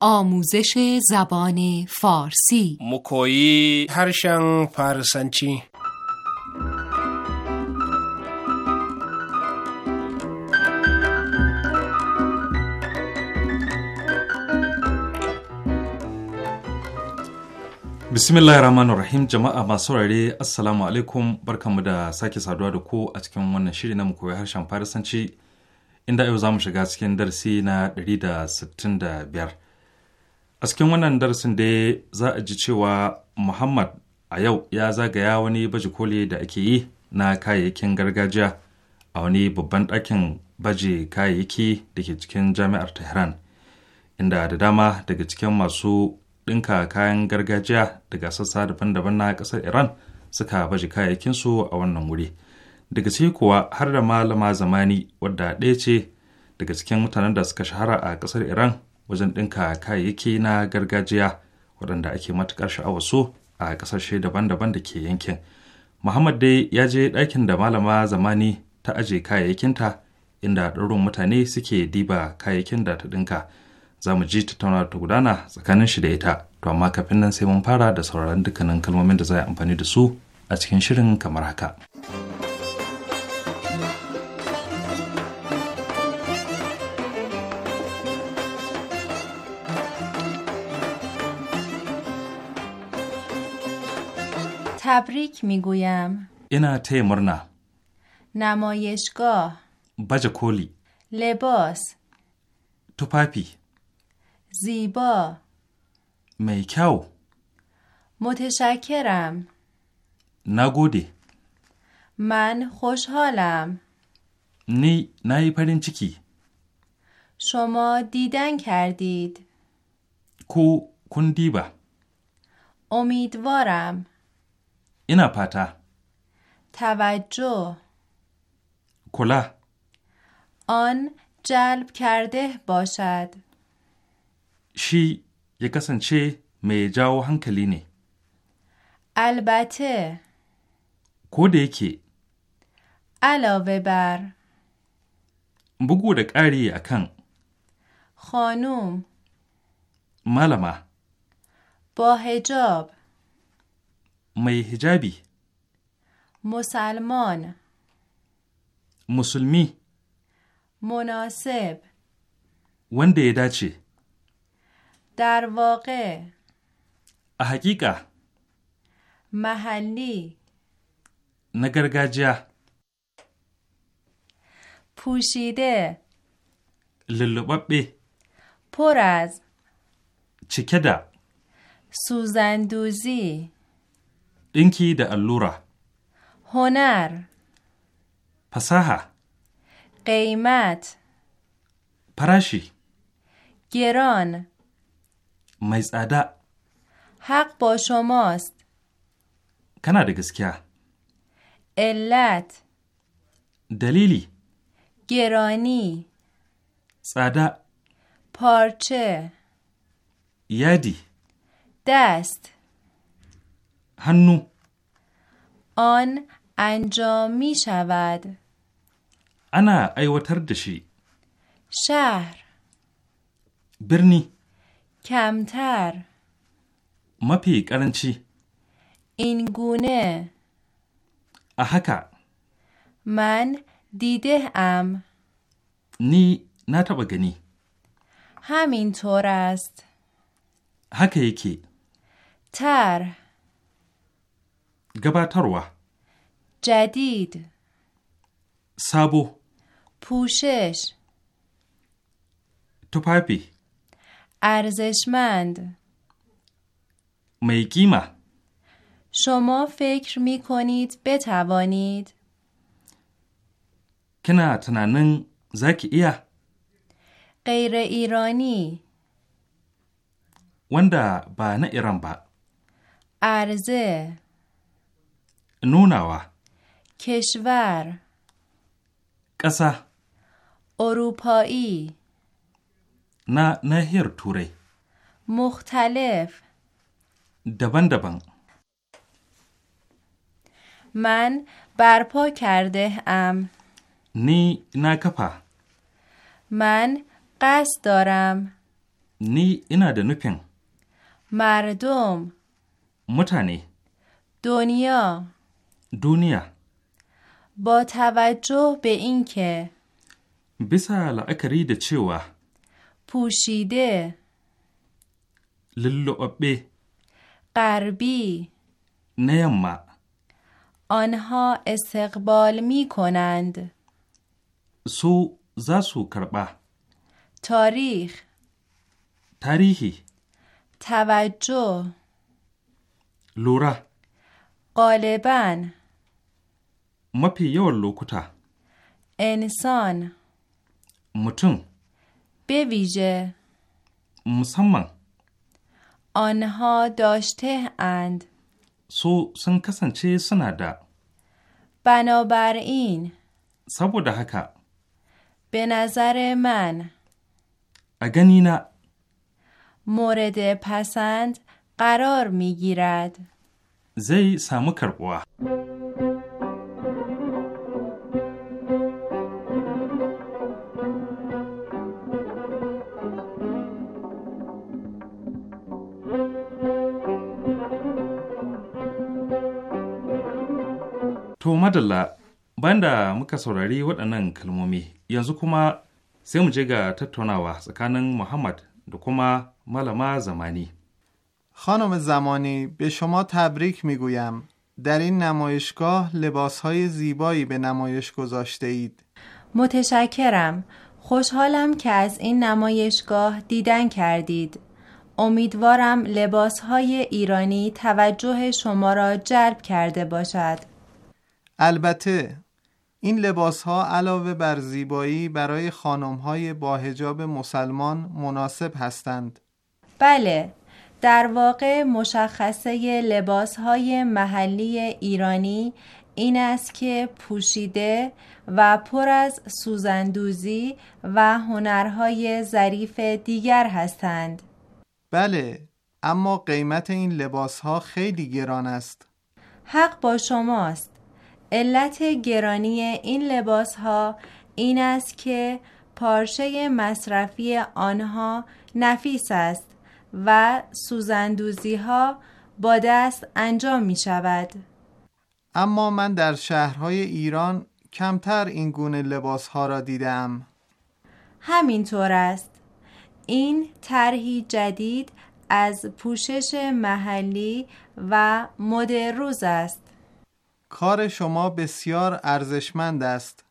آموزش زبان فارسی mukoyi. هرشن فارسنچی Bismillahir Rahmanir Rahim jama'a masu saurare Assalamu alaikum barkanmu da sake saduwa da ku a cikin wannan shiri na koyi harshen Farisanci inda yau za mu shiga cikin darasi na 165 A cikin wannan darasin dai za a ji cewa Muhammad a yau ya zagaya wani baje koli da ake yi na kayayyakin gargajiya a wani babban ɗakin baje kayayyaki da ke cikin jami'ar Tehran, inda da dama daga cikin masu ɗinka kayan gargajiya daga sassa daban-daban na ƙasar Iran suka baje kayayyakinsu a wannan wuri. Daga ciki kuwa har da malama zamani wadda ɗaya ce daga cikin mutanen da suka shahara a ƙasar Iran wajen ɗinka kayayyaki na gargajiya waɗanda ake matuƙar sha'awar su a ƙasashe daban-daban da ke yankin muhammad dai ya je ɗakin da malama zamani ta aje kayayyakinta inda ɗaurin mutane suke diba kayayyakin da ta ɗinka za mu ji tattauna ta gudana tsakanin shi da ita to amma kafin nan sai mun fara da sauraron dukkanin kalmomin da za a amfani da su a cikin shirin kamar haka. تبریک میگویم اینا ته مرنا نمایشگاه بج کولی لباس توپاپی زیبا میکاو متشکرم نگودی من خوشحالم نی نی پرین چکی شما دیدن کردید کو کندیبا امیدوارم اینا توجه کلا آن جلب کرده باشد شی یکسن چه می جاو هنکلی البته کده که علاوه بر بگو da ƙari خانوم با هجاب mai hijabi musulman musulmi munasib wanda ya dace darwaƙe a hakika mahalli na gargajiya fushide lullubabbe poraz cike da suzanduzi اینکی ده اللورا هنر پساها قیمت پراشی گران مزعده حق با شماست کنا ده گسکیا علت دلیلی گرانی سادا، پارچه یادی دست هنو آن انجام می شود انا ایوتر دشی شهر برنی کمتر مپی کرنچی این گونه احکا من دیده ام نی نتبا گنی همینطور است حکا یکی تر gabatarwa jadid sabo pushesh tufafi arzishmand mai kima shoma fikir mikonit betawanid kina tunanin zaki iya ƙaire irani wanda ba na iran ba Arze. nunawa kishwar ƙasa orupa'i na nahiyar turai muhtalif daban-daban من برپا کرده ام نی نکپا من قصد دارم نی اینا نوپین مردم متانی دنیا دنیا با توجه به اینکه بسا لعکری د چوا پوشیده للعبه غربی نیما آنها استقبال می کنند سو زاسو کربه تاریخ تاریخی توجه لورا غالبا mafi yawan lokuta. Enison. Mutum. Bevije. Musamman. Onha doshte and. So sun kasance suna da. Banobarin. Saboda haka. Benazare man. A gani na. مورد پسند قرار می گیرد. Zai samu کربوه. To madalla banda muka saurari waɗannan kalmomi yanzu kuma sai mu je ga tattaunawa tsakanin Muhammad da kuma malama zamani. خانم زمانی به شما تبریک میگویم در این نمایشگاه لباس های زیبایی به نمایش گذاشته اید متشکرم خوشحالم که از این نمایشگاه دیدن کردید امیدوارم لباس های ایرانی توجه شما را جلب کرده باشد البته این لباس ها علاوه بر زیبایی برای خانم های با هجاب مسلمان مناسب هستند. بله، در واقع مشخصه لباس های محلی ایرانی این است که پوشیده و پر از سوزندوزی و هنرهای ظریف دیگر هستند. بله، اما قیمت این لباس ها خیلی گران است. حق با شماست. علت گرانی این لباس ها این است که پارچه مصرفی آنها نفیس است و سوزندوزی ها با دست انجام می شود. اما من در شهرهای ایران کمتر این گونه لباس ها را دیدم. همینطور است. این طرحی جدید از پوشش محلی و مد روز است. کار شما بسیار ارزشمند است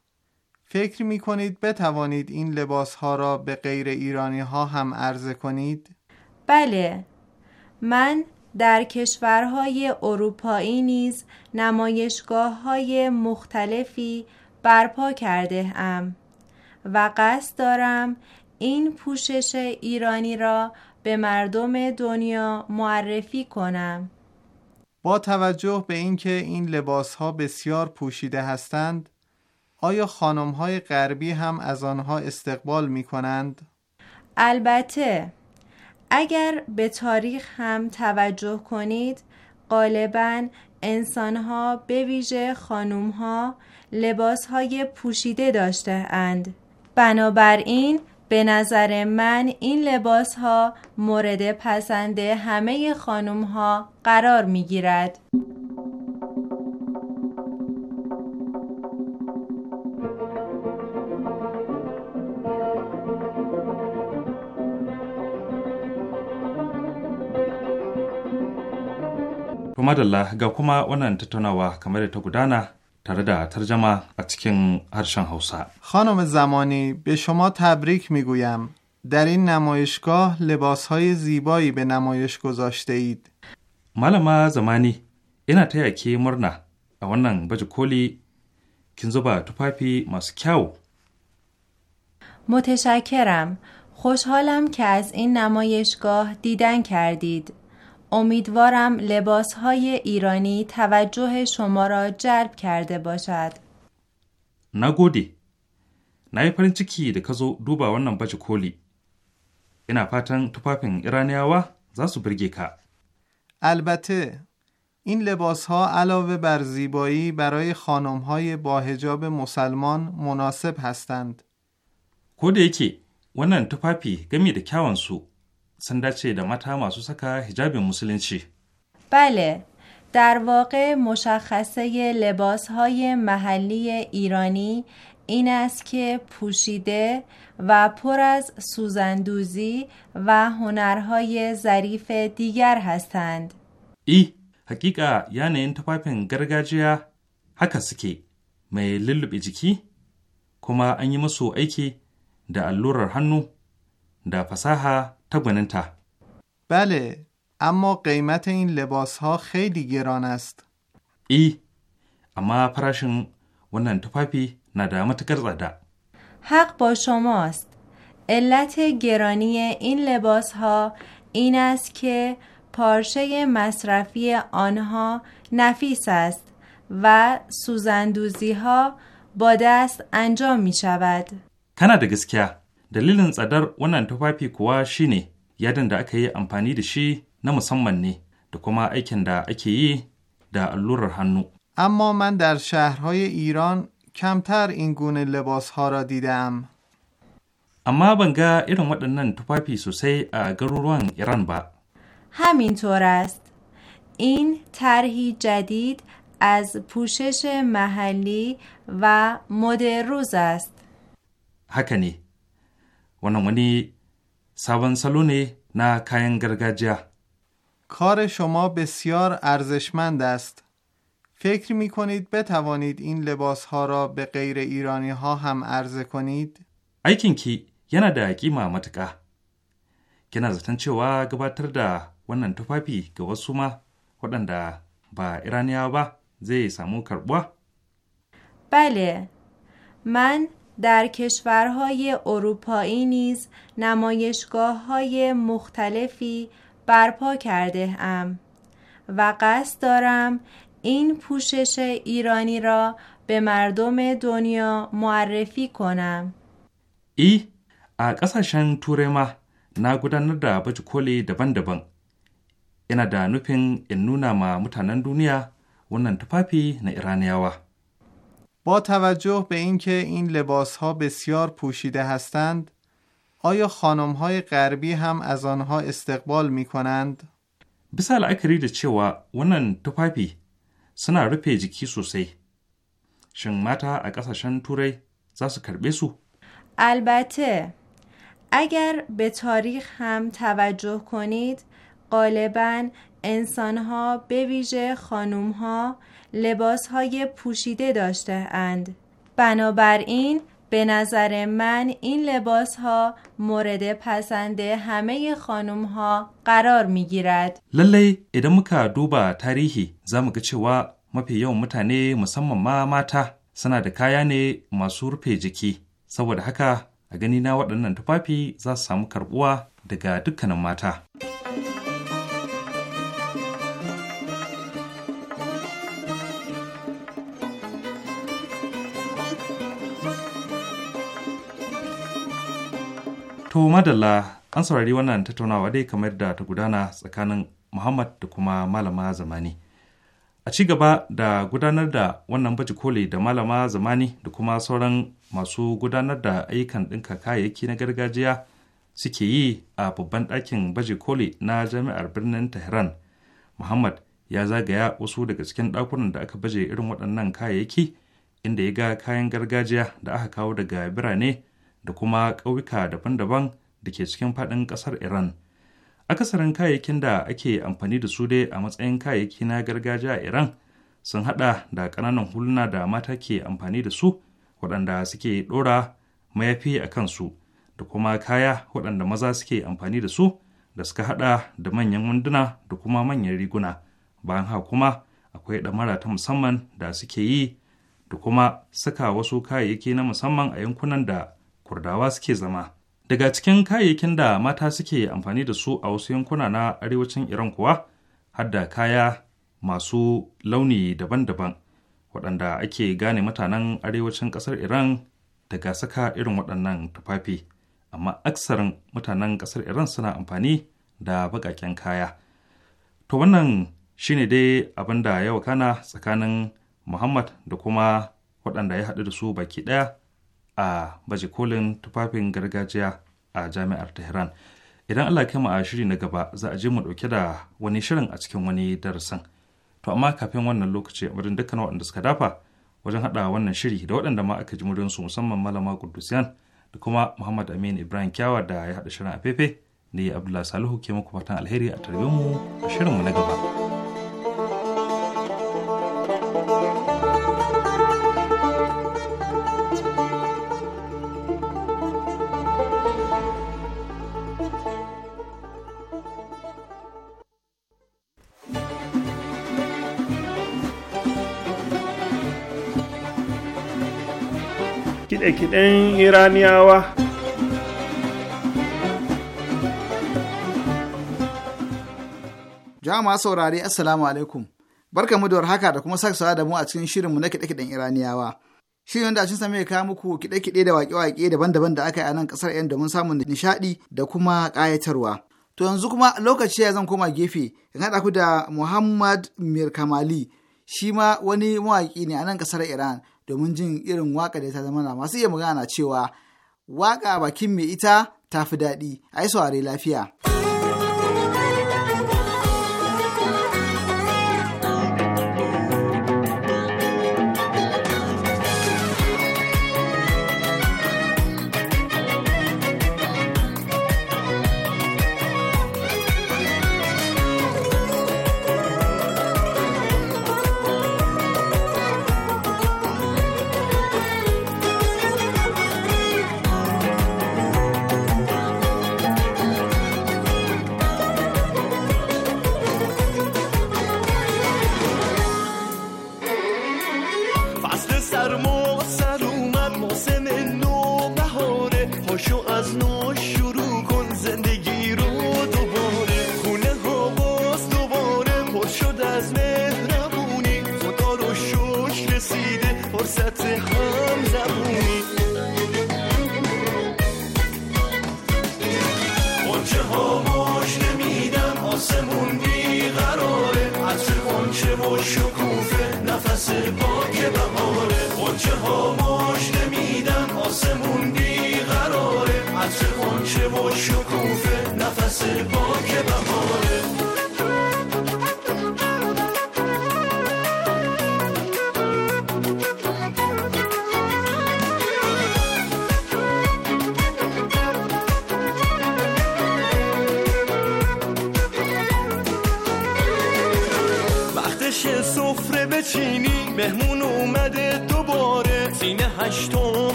فکر می کنید بتوانید این لباس ها را به غیر ایرانی ها هم عرضه کنید؟ بله من در کشورهای اروپایی نیز نمایشگاه های مختلفی برپا کرده ام و قصد دارم این پوشش ایرانی را به مردم دنیا معرفی کنم با توجه به اینکه این لباس ها بسیار پوشیده هستند آیا خانم های غربی هم از آنها استقبال می کنند؟ البته اگر به تاریخ هم توجه کنید غالبا انسان ها به ویژه خانم ها لباس های پوشیده داشته اند بنابراین به نظر من این لباس ها مورد پسند همه خانم ها قرار می گیرد. madalla ga kuma wannan tattaunawa kamar da ta gudana در ترجمه خانم زمانی به شما تبریک میگویم. در این نمایشگاه لباس های زیبایی به نمایش گذاشته اید. ملما زمانی ina taya مرنه. murna a کلی baje koli kin zuba tufafi متشکرم خوشحالم که از این نمایشگاه دیدن کردید امیدوارم لباسهای ایرانی توجه شما را جلب کرده باشد. نگودی. نای پرین چکی ده کزو دوبا ونم بچه کولی. اینا پاتن توپاپین آوا زاسو برگی که. البته این لباس ها علاوه بر زیبایی برای خانم های با هجاب مسلمان مناسب هستند. کودکی ونن توپاپی گمی ده کیاون سو sun dace da mata masu saka hijabin musulunci. Bale, در واقع مشخصه لباس های محلی ایرانی این است که پوشیده و پر از سوزندوزی و هنرهای ظریف دیگر هستند. ای حقیقا یعنی این تفافین گرگاجیا haka suke mai lullube jiki kuma an yi masu aiki da allurar hannu da fasaha تا بله اما قیمت این لباس ها خیلی گران است ای اما پراشن ونن تفافی ندامت حق با شماست علت گرانی این لباس ها این است که پارچه مصرفی آنها نفیس است و سوزندوزی ها با دست انجام می شود. کنه دگست اما من در شهرهای ایران کمتر این گونه لباس ها را دیدم اما بنگا ایران با همینطور است این طرحی جدید از پوشش محلی و مد روز است هکنی wannan wani sabon salo ne na kayan gargajiya کار شما بسیار ارزشمند است فکر می کنید بتوانید این لباس ها را به غیر ایرانی ها هم عرضه کنید؟ ایکین کی یعنی دا قیمه متکا کنا زتن cewa gabatar da wannan tufafi ga wasu ma waɗanda ba Iraniya ba zai samu karɓuwa? Bale, man در کشورهای اروپایی نیز نمایشگاه های مختلفی برپا کرده و قصد دارم این پوشش ایرانی را به مردم دنیا معرفی کنم ای قصاشن تور ما نگودن دا بچ کلی دبن دبن اینا دا نوپین این نونا ما متنان دنیا ونن تپاپی نه ایرانیاوه با توجه به اینکه این لباس ها بسیار پوشیده هستند آیا خانم های غربی هم از آنها استقبال می کنند؟ بسا لعکری da ونن wannan tufafi suna rufe jiki sosai. Shin mata a سو؟ البته اگر به تاریخ هم توجه کنید غالبا انسانها به ویژه خانومها لباس های پوشیده داشته اند. بنابراین به نظر من این لباس ها مورد پسند همه خانم ها قرار می گیرد. للی idan muka duba tarihi za mu ga cewa mafi yawan mutane musamman ma mata suna da kaya ne masu rufe jiki saboda haka a gani na waɗannan tufafi za su samu karbuwa daga dukkanin mata. To madalla an saurari wannan tattaunawa dai kamar da ta gudana tsakanin Muhammad da kuma malama zamani. A ci gaba da gudanar da wannan baje koli da malama zamani da kuma sauran masu gudanar da ayyukan ɗinka kayayyaki na gargajiya suke yi a babban ɗakin baji koli na jami'ar birnin Tehran. Muhammad ya zagaya wasu daga cikin ɗakunan da aka baje irin waɗannan kayayyaki inda ya ga kayan gargajiya da aka kawo daga birane da kuma ƙauyuka daban-daban da ke cikin faɗin ƙasar Iran. Akasarin kayayyakin da ake amfani da su dai a matsayin kayayyaki na gargajiya a Iran sun haɗa da ƙananan huluna da mata ke amfani da su waɗanda suke ɗora mayafi a kansu da kuma kaya waɗanda maza suke amfani da su da suka haɗa da manyan wanduna da kuma manyan riguna. Bayan haka kuma akwai ɗamara ta musamman da suke yi da kuma saka wasu kayayyaki na musamman a yankunan da kurdawa suke zama daga cikin kayayyakin da mata suke amfani da su a wasu yankuna na arewacin iran kuwa har da kaya masu launi daban-daban waɗanda ake gane mutanen arewacin ƙasar iran daga saka irin waɗannan tufafi amma aksarin mutanen ƙasar iran suna amfani da baƙaƙen kaya to wannan shi ne dai abin da ya wakana tsakanin muhammad da kuma waɗanda ya haɗu da su baki ɗaya a baje kolin tufafin gargajiya a jami'ar tehran idan allah kama a shiri na gaba za a je mu ɗauke da wani shirin a cikin wani darasin to amma kafin wannan lokaci a wurin dukkan waɗanda suka dafa wajen haɗa wannan shiri da waɗanda ma aka ji murinsu musamman malama kudusiyan da kuma muhammad aminu ibrahim kyawa da ya haɗa shirin a fefe ne abdullahi salihu ke muku fatan alheri a tarbe mu a shirin mu na gaba. kide-kiden iraniyawa jama'a saurare assalamu alaikum barka mu da warhaka da kuma sake da mu a cikin shirinmu na kiɗe-kiɗen iraniyawa shirin da cin same ka muku kiɗe-kiɗe da waƙe-waƙe daban-daban da aka yi a nan ƙasar yan domin samun nishaɗi da kuma ƙayatarwa to yanzu kuma lokaci ya zan koma gefe in haɗa ku da muhammad mirkamali shima shi ma wani mawaƙi ne a nan ƙasar iran domin jin irin waka da ta zama na masu iya magana cewa waka bakin mai ita ta fi daɗi ai saurari lafiya.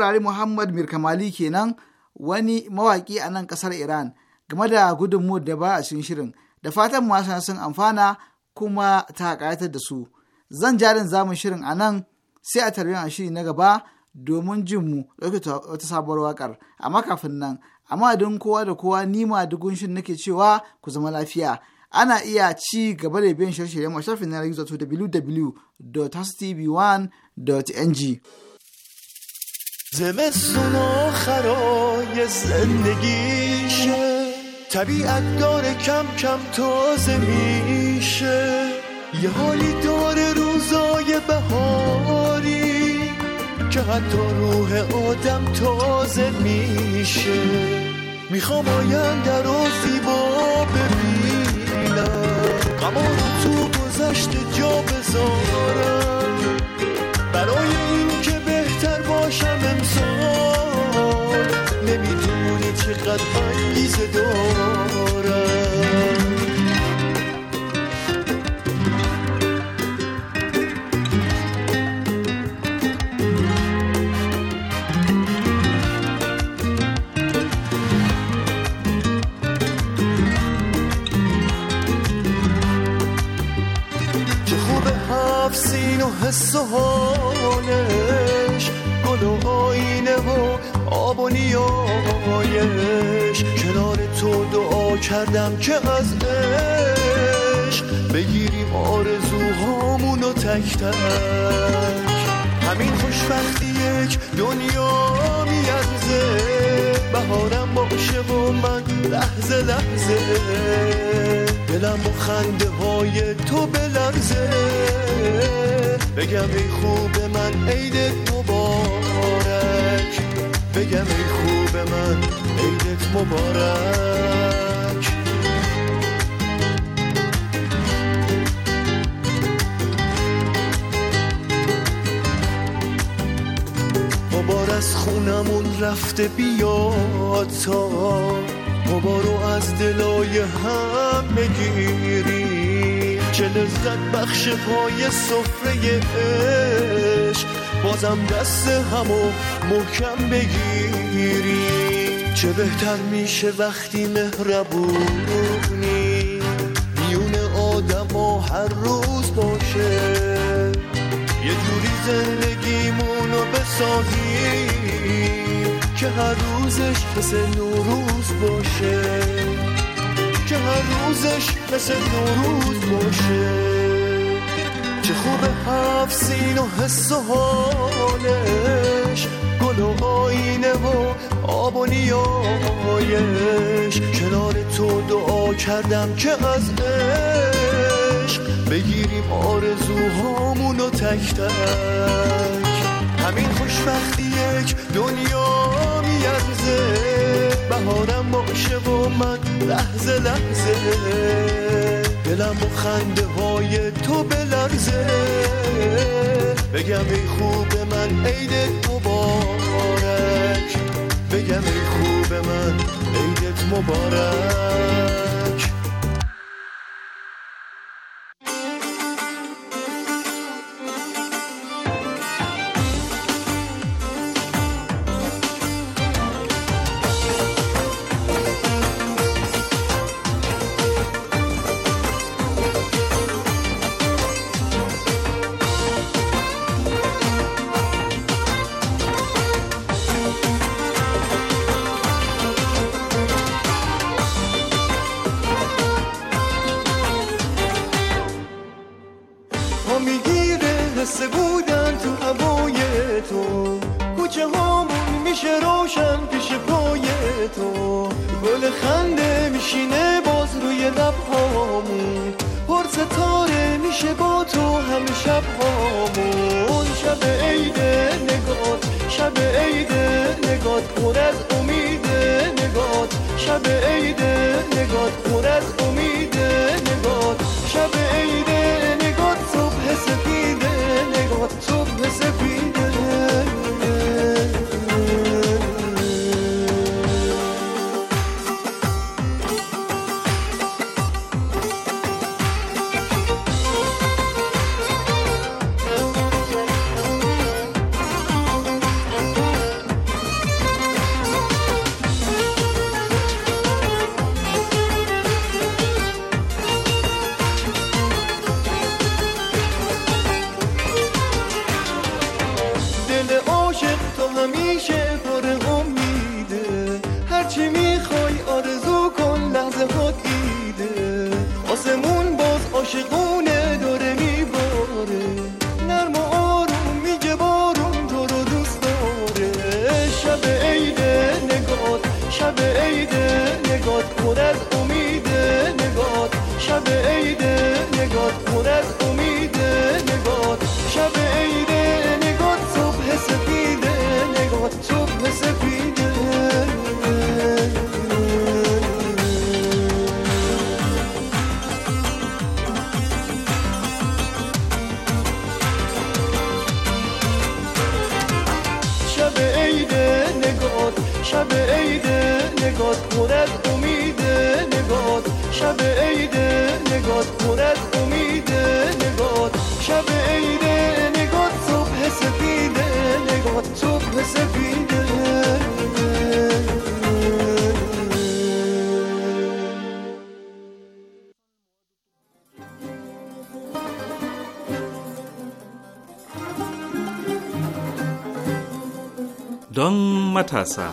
saurari Muhammad Mirkamali kenan wani mawaƙi a nan kasar Iran game da gudunmu da ba a cikin shirin da fatan masu sun amfana kuma ta ƙayatar da su. Zan jarin zamun shirin a nan sai a tarbiyyar shiri na gaba domin jin mu ɗauke wata sabuwar wakar Amma kafin nan, amma don kowa da kowa nima dugun nake cewa ku zama lafiya. ana iya ci gaba da biyan shirye-shiryen mashafin na gizo 1ng زمستون آخرای زندگیشه طبیعت داره کم کم تازه میشه یه حالی داره روزای بهاری که حتی روح آدم تازه میشه میخوام آینده رو زیبا ببینم قمان تو گذشت جا بذارم برای نمیدونی چقدر انگیز دارم حس و حالش گل و آینه و آب و نیایش کنار تو دعا کردم که از عشق بگیریم آرزوهامونو تک تک همین خوشبختی یک دنیا میرزه بهارم باشه و من لحظه لحظه دلم و خنده های تو بلرزه بگم ای خوب من عید بگم ای خوب من عیدت مبارک مبار از خونمون رفته بیاد تا مبارو از دلای هم بگیری چه لذت بخش پای سفره عشق بازم دست همو محکم بگیری چه بهتر میشه وقتی مهربونی میون آدم هر روز باشه یه جوری زندگیمونو بسازی که هر روزش مثل نوروز باشه که هر روزش مثل نوروز باشه چه خوب حفظین و حس و حالش گل و آینه و آب و نیایش کنار تو دعا کردم که از عشق بگیریم آرزوهامون و تک تک همین خوشبختی یک دنیا میارزه بهارم باشه و من لحظه لحظه دلم و خنده های تو بلرزه بگم ای خوب من عیدت مبارک بگم ای خوب من عیدت مبارک گل خنده میشینه باز روی لب هامون پر ستاره میشه با تو همه شب هامون شب عید نگات شب عید نگات پر از امید نگات شب عید نگات پر از امید نگات شب عید نگات صبح سفید matasa.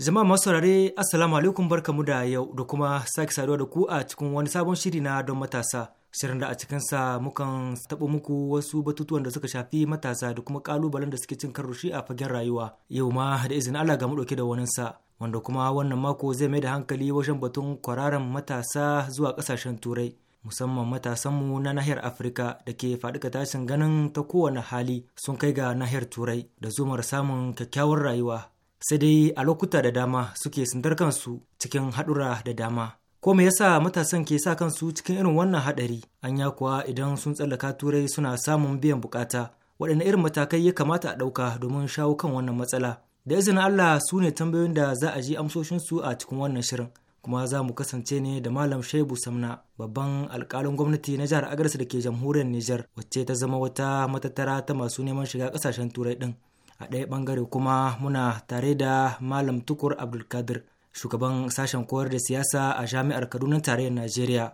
Jama'a masu saurare Assalamu alaikum barkamu da yau da kuma sake saduwa da ku a cikin wani sabon shiri na don matasa. Shirin da a cikinsa mukan taɓa muku wasu batutuwan da suka shafi matasa da kuma ƙalubalen da suke cin karo shi a fagen rayuwa. Yau ma da izini Allah ga mu ɗauke da waninsa. Wanda kuma wannan mako zai mai da hankali wajen batun kwararan matasa zuwa ƙasashen Turai. musamman matasanmu na nahiyar afirka da ke faɗi tashin ganin ta kowane hali sun kai ga nahiyar turai da zumar samun kyakkyawar rayuwa sai dai a lokuta da dama suke sindar kansu cikin haɗura da dama ko me yasa matasan ke sa kansu cikin irin wannan haɗari ya kuwa idan sun tsallaka turai suna samun biyan bukata waɗanne irin matakai ya kamata a ɗauka domin shawo kan wannan matsala da izinin Allah su ne tambayoyin da za a ji amsoshinsu a cikin wannan shirin kuma za mu kasance ne da Malam Shebu Samna babban alkalin gwamnati na jihar Agarsu da ke jamhuriyar Nijar wacce ta zama wata matattara ta masu neman shiga kasashen turai din. A ɗaya ɓangare kuma muna tare da Malam Tukur Abdulkadir shugaban sashen koyar da siyasa a jami'ar Kaduna tarayyar Najeriya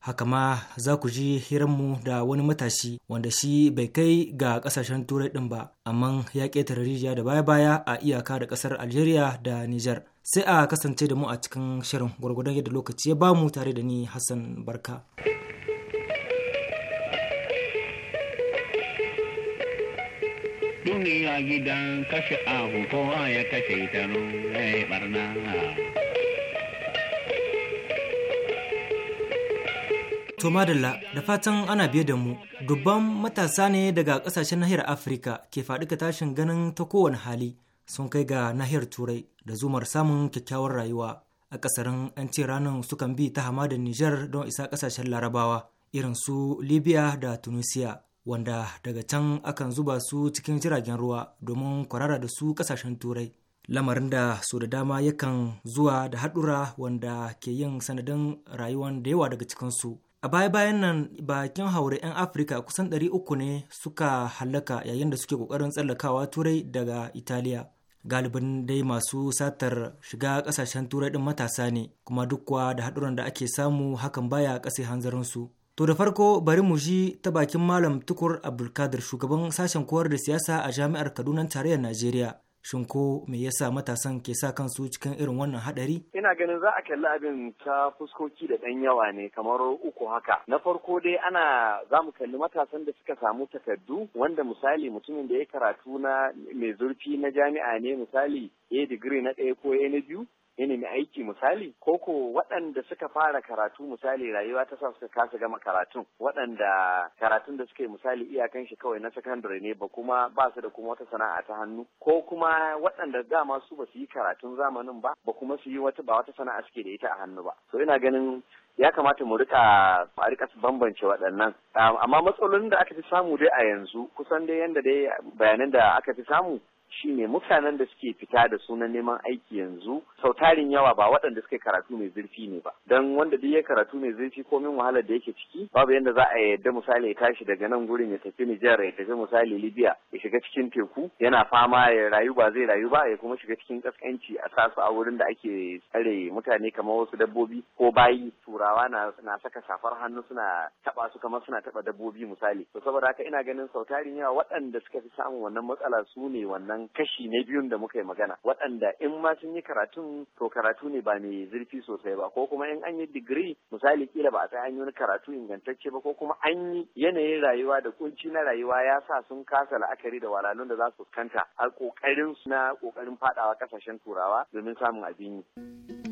haka ma za ku ji hiranmu da wani matashi wanda shi bai kai ga kasashen turai din ba amma ya ƙetare rijiya da baya-baya a iyaka da kasar algeria da niger sai a kasance da mu a cikin shirin gwargwadon yadda lokaci ya bamu tare da ni hassan barka duniya gidan kashe ahu kowa ya kashe ita ruwa barna To madalla da fatan ana biye da mu dubban matasa ne daga kasashen nahiyar Afirka ke faɗi tashin ganin ta kowane hali sun kai ga nahiyar Turai da zumar samun kyakkyawar rayuwa. A ƙasarin 'yan ce ranar sukan bi ta hamadar Nijar don isa ƙasashen Larabawa irin su Libya da Tunisia wanda daga can akan zuba su cikin jiragen ruwa domin kwarara da su ƙasashen Turai. Lamarin da su da dama yakan zuwa da haɗura wanda ke yin sanadin rayuwan da yawa daga cikinsu. a baya-bayan nan bakin haure 'yan afirka kusan 300 ne suka hallaka yayin da suke kokarin tsallakawa turai daga italiya galibin dai masu satar shiga kasashen turai din matasa ne kuma duk dukwa da haɗuran da ake samu hakan baya ƙasa hanzarinsu to da farko bari mu ji ta bakin malam tukur abdulkadir shugaban sashen koyar da siyasa a jami'ar kaduna tarayyar najeriya Shin ko me yasa matasan ke sa kansu cikin irin wannan hadari? Ina ganin za a kalli abin ta fuskoki da ɗan yawa ne kamar uku haka. Na farko dai ana za mu kalli matasan da suka samu takardu wanda misali mutumin da ya karatu na mai zurfi na jami'a ne misali A digiri na ɗaya ko A na biyu ya nemi aiki misali ko ko waɗanda suka fara karatu misali rayuwa ta sa suka kasa gama karatun waɗanda karatun da suke misali iyakan shi kawai na sakandare ne ba kuma ba su da kuma wata sana'a ta hannu ko kuma waɗanda dama su ba su yi karatun zamanin ba ba kuma su yi wata ba wata sana'a suke da ita a hannu ba so ina ganin ya kamata mu rika a rika bambance waɗannan amma matsalolin da aka fi samu dai a yanzu kusan dai yanda dai bayanan da aka fi samu Shi ne mutanen da suke fita da sunan neman aiki yanzu sau tarin yawa ba waɗanda suka karatu mai zurfi ne ba Don wanda duk ya karatu mai zurfi ko komin wahalar da yake ciki babu yadda za a yadda misali ya tashi daga nan gurin ya tafi Nijar ya tafi misali Libya ya shiga cikin teku yana fama ya rayu ba zai rayu ba ya kuma shiga cikin kaskanci a sasu a wurin da ake tsare mutane kamar wasu dabbobi ko bayi turawa na, na saka safar hannu suna taba su kamar suna taba dabbobi misali to saboda haka ina ganin sau tarin yawa waɗanda suka fi samun wannan matsala su ne wannan wannan kashi na biyun da muka yi magana waɗanda in ma sun yi karatun to karatu ne ba mai zurfi sosai ba ko kuma in an yi digiri misali kila ba a sai an yi wani karatu ingantacce ba ko kuma an yi yanayin rayuwa da kunci na rayuwa ya sa sun kasa la'akari da walalun da za su fuskanta a kokarin su na kokarin faɗawa ƙasashen turawa domin samun abin yi.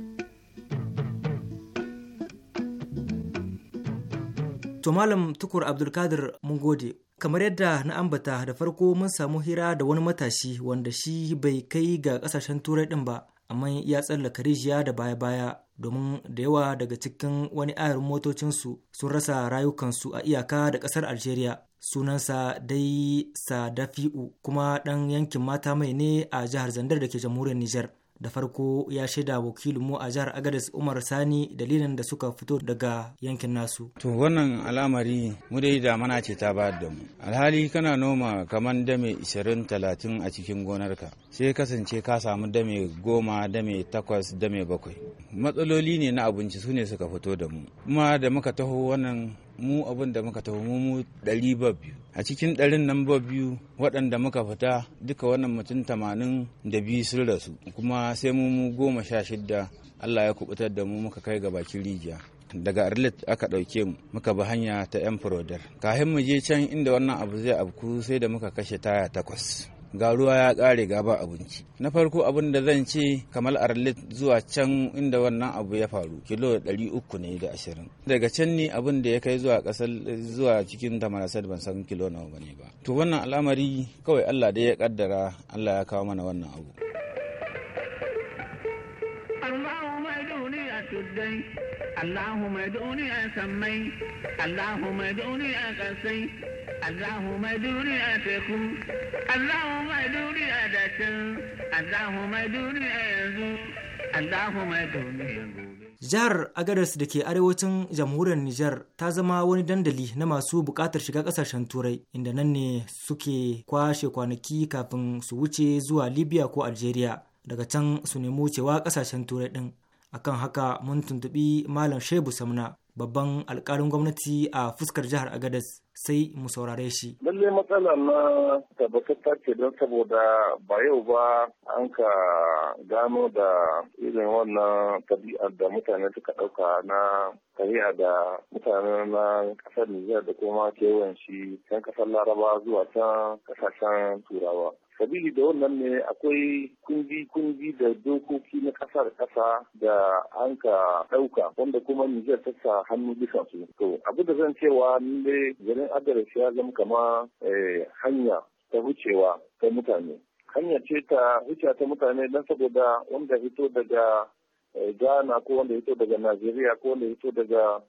To Malam Tukur Abdulkadir mun gode. Kamar yadda na ambata da farko mun samu hira da wani matashi wanda shi bai kai ga kasashen turai din ba, amma ya tsallaka rijiya da baya-baya domin da yawa daga cikin wani ayarin motocinsu sun rasa rayukansu a iyaka da ƙasar Algeria. Sunansa dai Sadafi'u kuma ɗan yankin mata mai ne a jihar Zandar da ke jamhuriyar Nijar. da farko ya shaida wakilin mu a jihar agadis umar sani dalilin da suka fito daga yankin nasu to wannan al'amari mu dai da mana ce ta bayar da mu alhali kana noma kaman dame 20 30 a cikin gonarka sai kasance ka samu dame goma dame takwas dame bakwai matsaloli ne na abinci su ne suka fito da mu kuma da muka taho wannan mu abin da muka tafi mu ɗari ba biyu a cikin ɗarin nan ba biyu waɗanda muka fita duka wannan mutum tamanin da biyu sun rasu kuma sai mu mu goma sha shidda allah ya kubutar da mu muka kai ga bakin rijiya daga arlit aka ɗauke mu muka bi hanya ta yan furodar kafin mu je can inda wannan abu zai abku sai da muka kashe taya takwas ga ruwa ya kare ga ba abinci na farko abin da zan ce kamar arlit zuwa can inda wannan abu ya faru kilo ɗari uku ne da ashirin daga can ne abin da ya kai zuwa kasar zuwa cikin tamarasar ban san kilo nawa ba ne ba to wannan al'amari kawai allah dai ya kaddara allah ya kawo mana wannan abu tuddai Allahumma duni a sammai Allahumma duni a kasai Allahumma duni a teku Allahumma duni a dacin Allahumma duni a yanzu Allahumma duni gobe. Jihar Agadas da ke arewacin jamhuriyar Nijar ta zama wani dandali na masu bukatar shiga kasashen Turai inda nan ne suke kwashe kwanaki kafin su wuce zuwa Libya ko Algeria daga can su nemo wucewa kasashen Turai din. akan haka mun tuntubi malam shebu samna babban alkalin gwamnati a fuskar jihar agadas sai mu saurare shi. Lallai matsala na tabbatatta ce don saboda ba yau ba an ka gano da irin wannan tabi'ar da mutane suka ɗauka na tabi'a da mutane na ƙasar Nijar da kuma kewayen shi can ƙasar Laraba zuwa can ƙasashen Turawa. sabili da wannan ne akwai kungi-kungi da dokoki na ƙasar da da an ka ɗauka wanda kuma Nijar ta sa hannu bisa su. To abu da zan cewa ne garin adalci ya zama kama eh, hanya ta wucewa ta mutane. Hanya ce ta wuce ta mutane don saboda wanda hito daga eh, Ghana ko wanda hito daga Najeriya ko wanda hito daga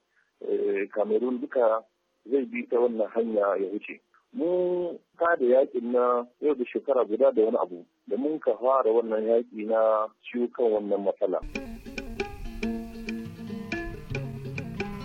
eh, Cameroon duka zai bi ta wannan hanya ya wuce. mu kada da yakin na yau da shekara guda da wani abu da mun ka fara wannan yaki na ciwo kan wannan matsala.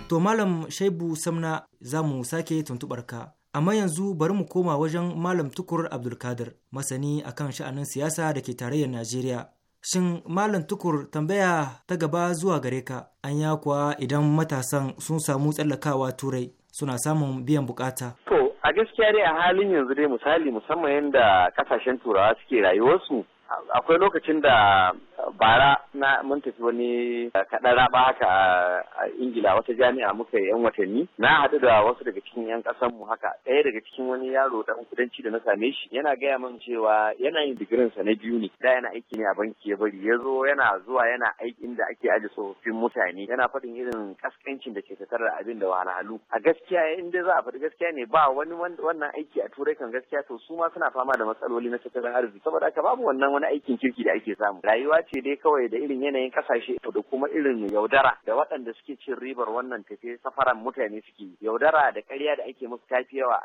To Malam Shaibu Samna za mu sake tuntuɓar ka. Amma yanzu bari mu koma wajen Malam Tukur Abdulkadir, masani akan sha'anin siyasa da ke tarayyar Najeriya. Shin Malam Tukur tambaya ta gaba zuwa gare ka, an ya kuwa idan matasan sun samu tsallakawa turai suna samun biyan bukata. To a gaskiya dai a halin yanzu dai misali musamman yadda kasashen turawa suke rayuwarsu akwai lokacin da bara na mun tafi wani eh, kaɗan raba haka a ingila wata jami'a muka yi yan watanni na haɗu da wasu daga cikin yan ƙasan mu haka ɗaya daga cikin wani yaro dan kudanci da na same shi yana gaya min cewa yana yin digirin sa na biyu ne da yana aiki ne a banki ya bari ya zo yana zuwa yana aikin da ake aje tsofaffin mutane yana faɗin irin kaskancin da ke tattare da abin da wahalhalu a gaskiya in dai za a faɗi gaskiya ne ba wani wannan aiki a turai kan gaskiya to su ma suna fama da matsaloli na tattalin arziki saboda haka babu wannan wani aikin kirki da ake samu rayuwa ce dai kawai da irin yanayin kasashe da kuma irin yaudara da waɗanda suke cin ribar wannan tafiye safaran mutane suke yaudara da ƙarya da ake musu tafi yawa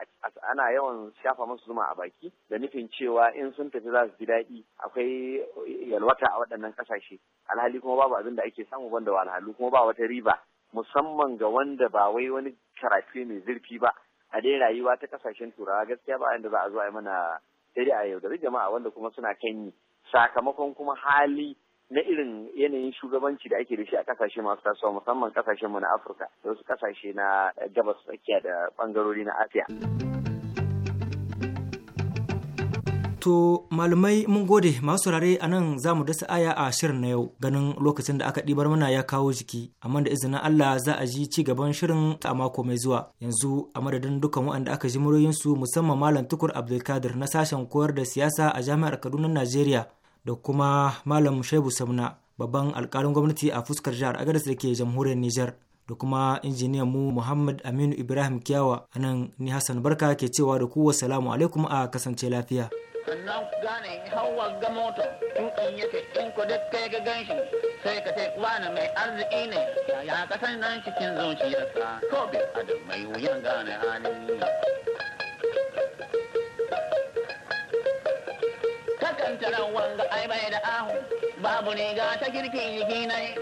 ana yawan shafa musu zuma a baki da nufin cewa in sun tafi za su ji daɗi akwai yalwata a waɗannan kasashe alhali kuma babu abin da ake samu banda walhalu kuma ba wata riba musamman ga wanda ba wai wani karatu mai zurfi ba a dai rayuwa ta kasashen turawa gaskiya ba yanda za a zo a yi mana sai dai a yaudari jama'a wanda kuma suna kan yi sakamakon kuma hali na irin yanayin shugabanci da ake da shi a kasashe masu tasowa musamman kasashenmu na afirka da wasu kasashe na gabas tsakiya da bangarori na asiya To malamai mun gode masu rare a nan za mu dasa aya a shirin na yau ganin lokacin da aka ɗibar mana ya kawo jiki amma da izinin Allah za a ji ci gaban shirin a mako mai zuwa yanzu a madadin dukkan waɗanda aka ji muryoyinsu musamman malam tukur Abdulkadir na sashen koyar da siyasa a jami'ar Kaduna Najeriya da kuma malam shaibu samna babban alkalin gwamnati a fuskar jihar agadas da ke jamhuriyar nijar da kuma injiniyan mu muhammad aminu ibrahim kiyawa a nan ni hassan barka ke cewa da kuwa salamu alaikum a kasance lafiya sannan gane hawa ga mota tukan yake in duk kai ga ganshi sai ka ce mai arziki ne ya ka san nan cikin zuciyarsa ko bi da mai wuyan gane hali kantaran wanga ai bai da ahu babu ne ga ta kirkin jiki na yi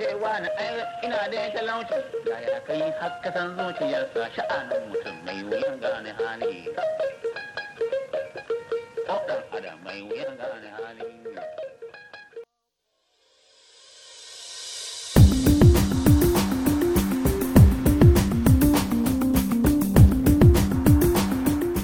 ka wani ai ina da ya talauci da ya kai hakkasan zuciyarsa sha'anin mutum mai wuyan gane hali adam mai wuyan gane hali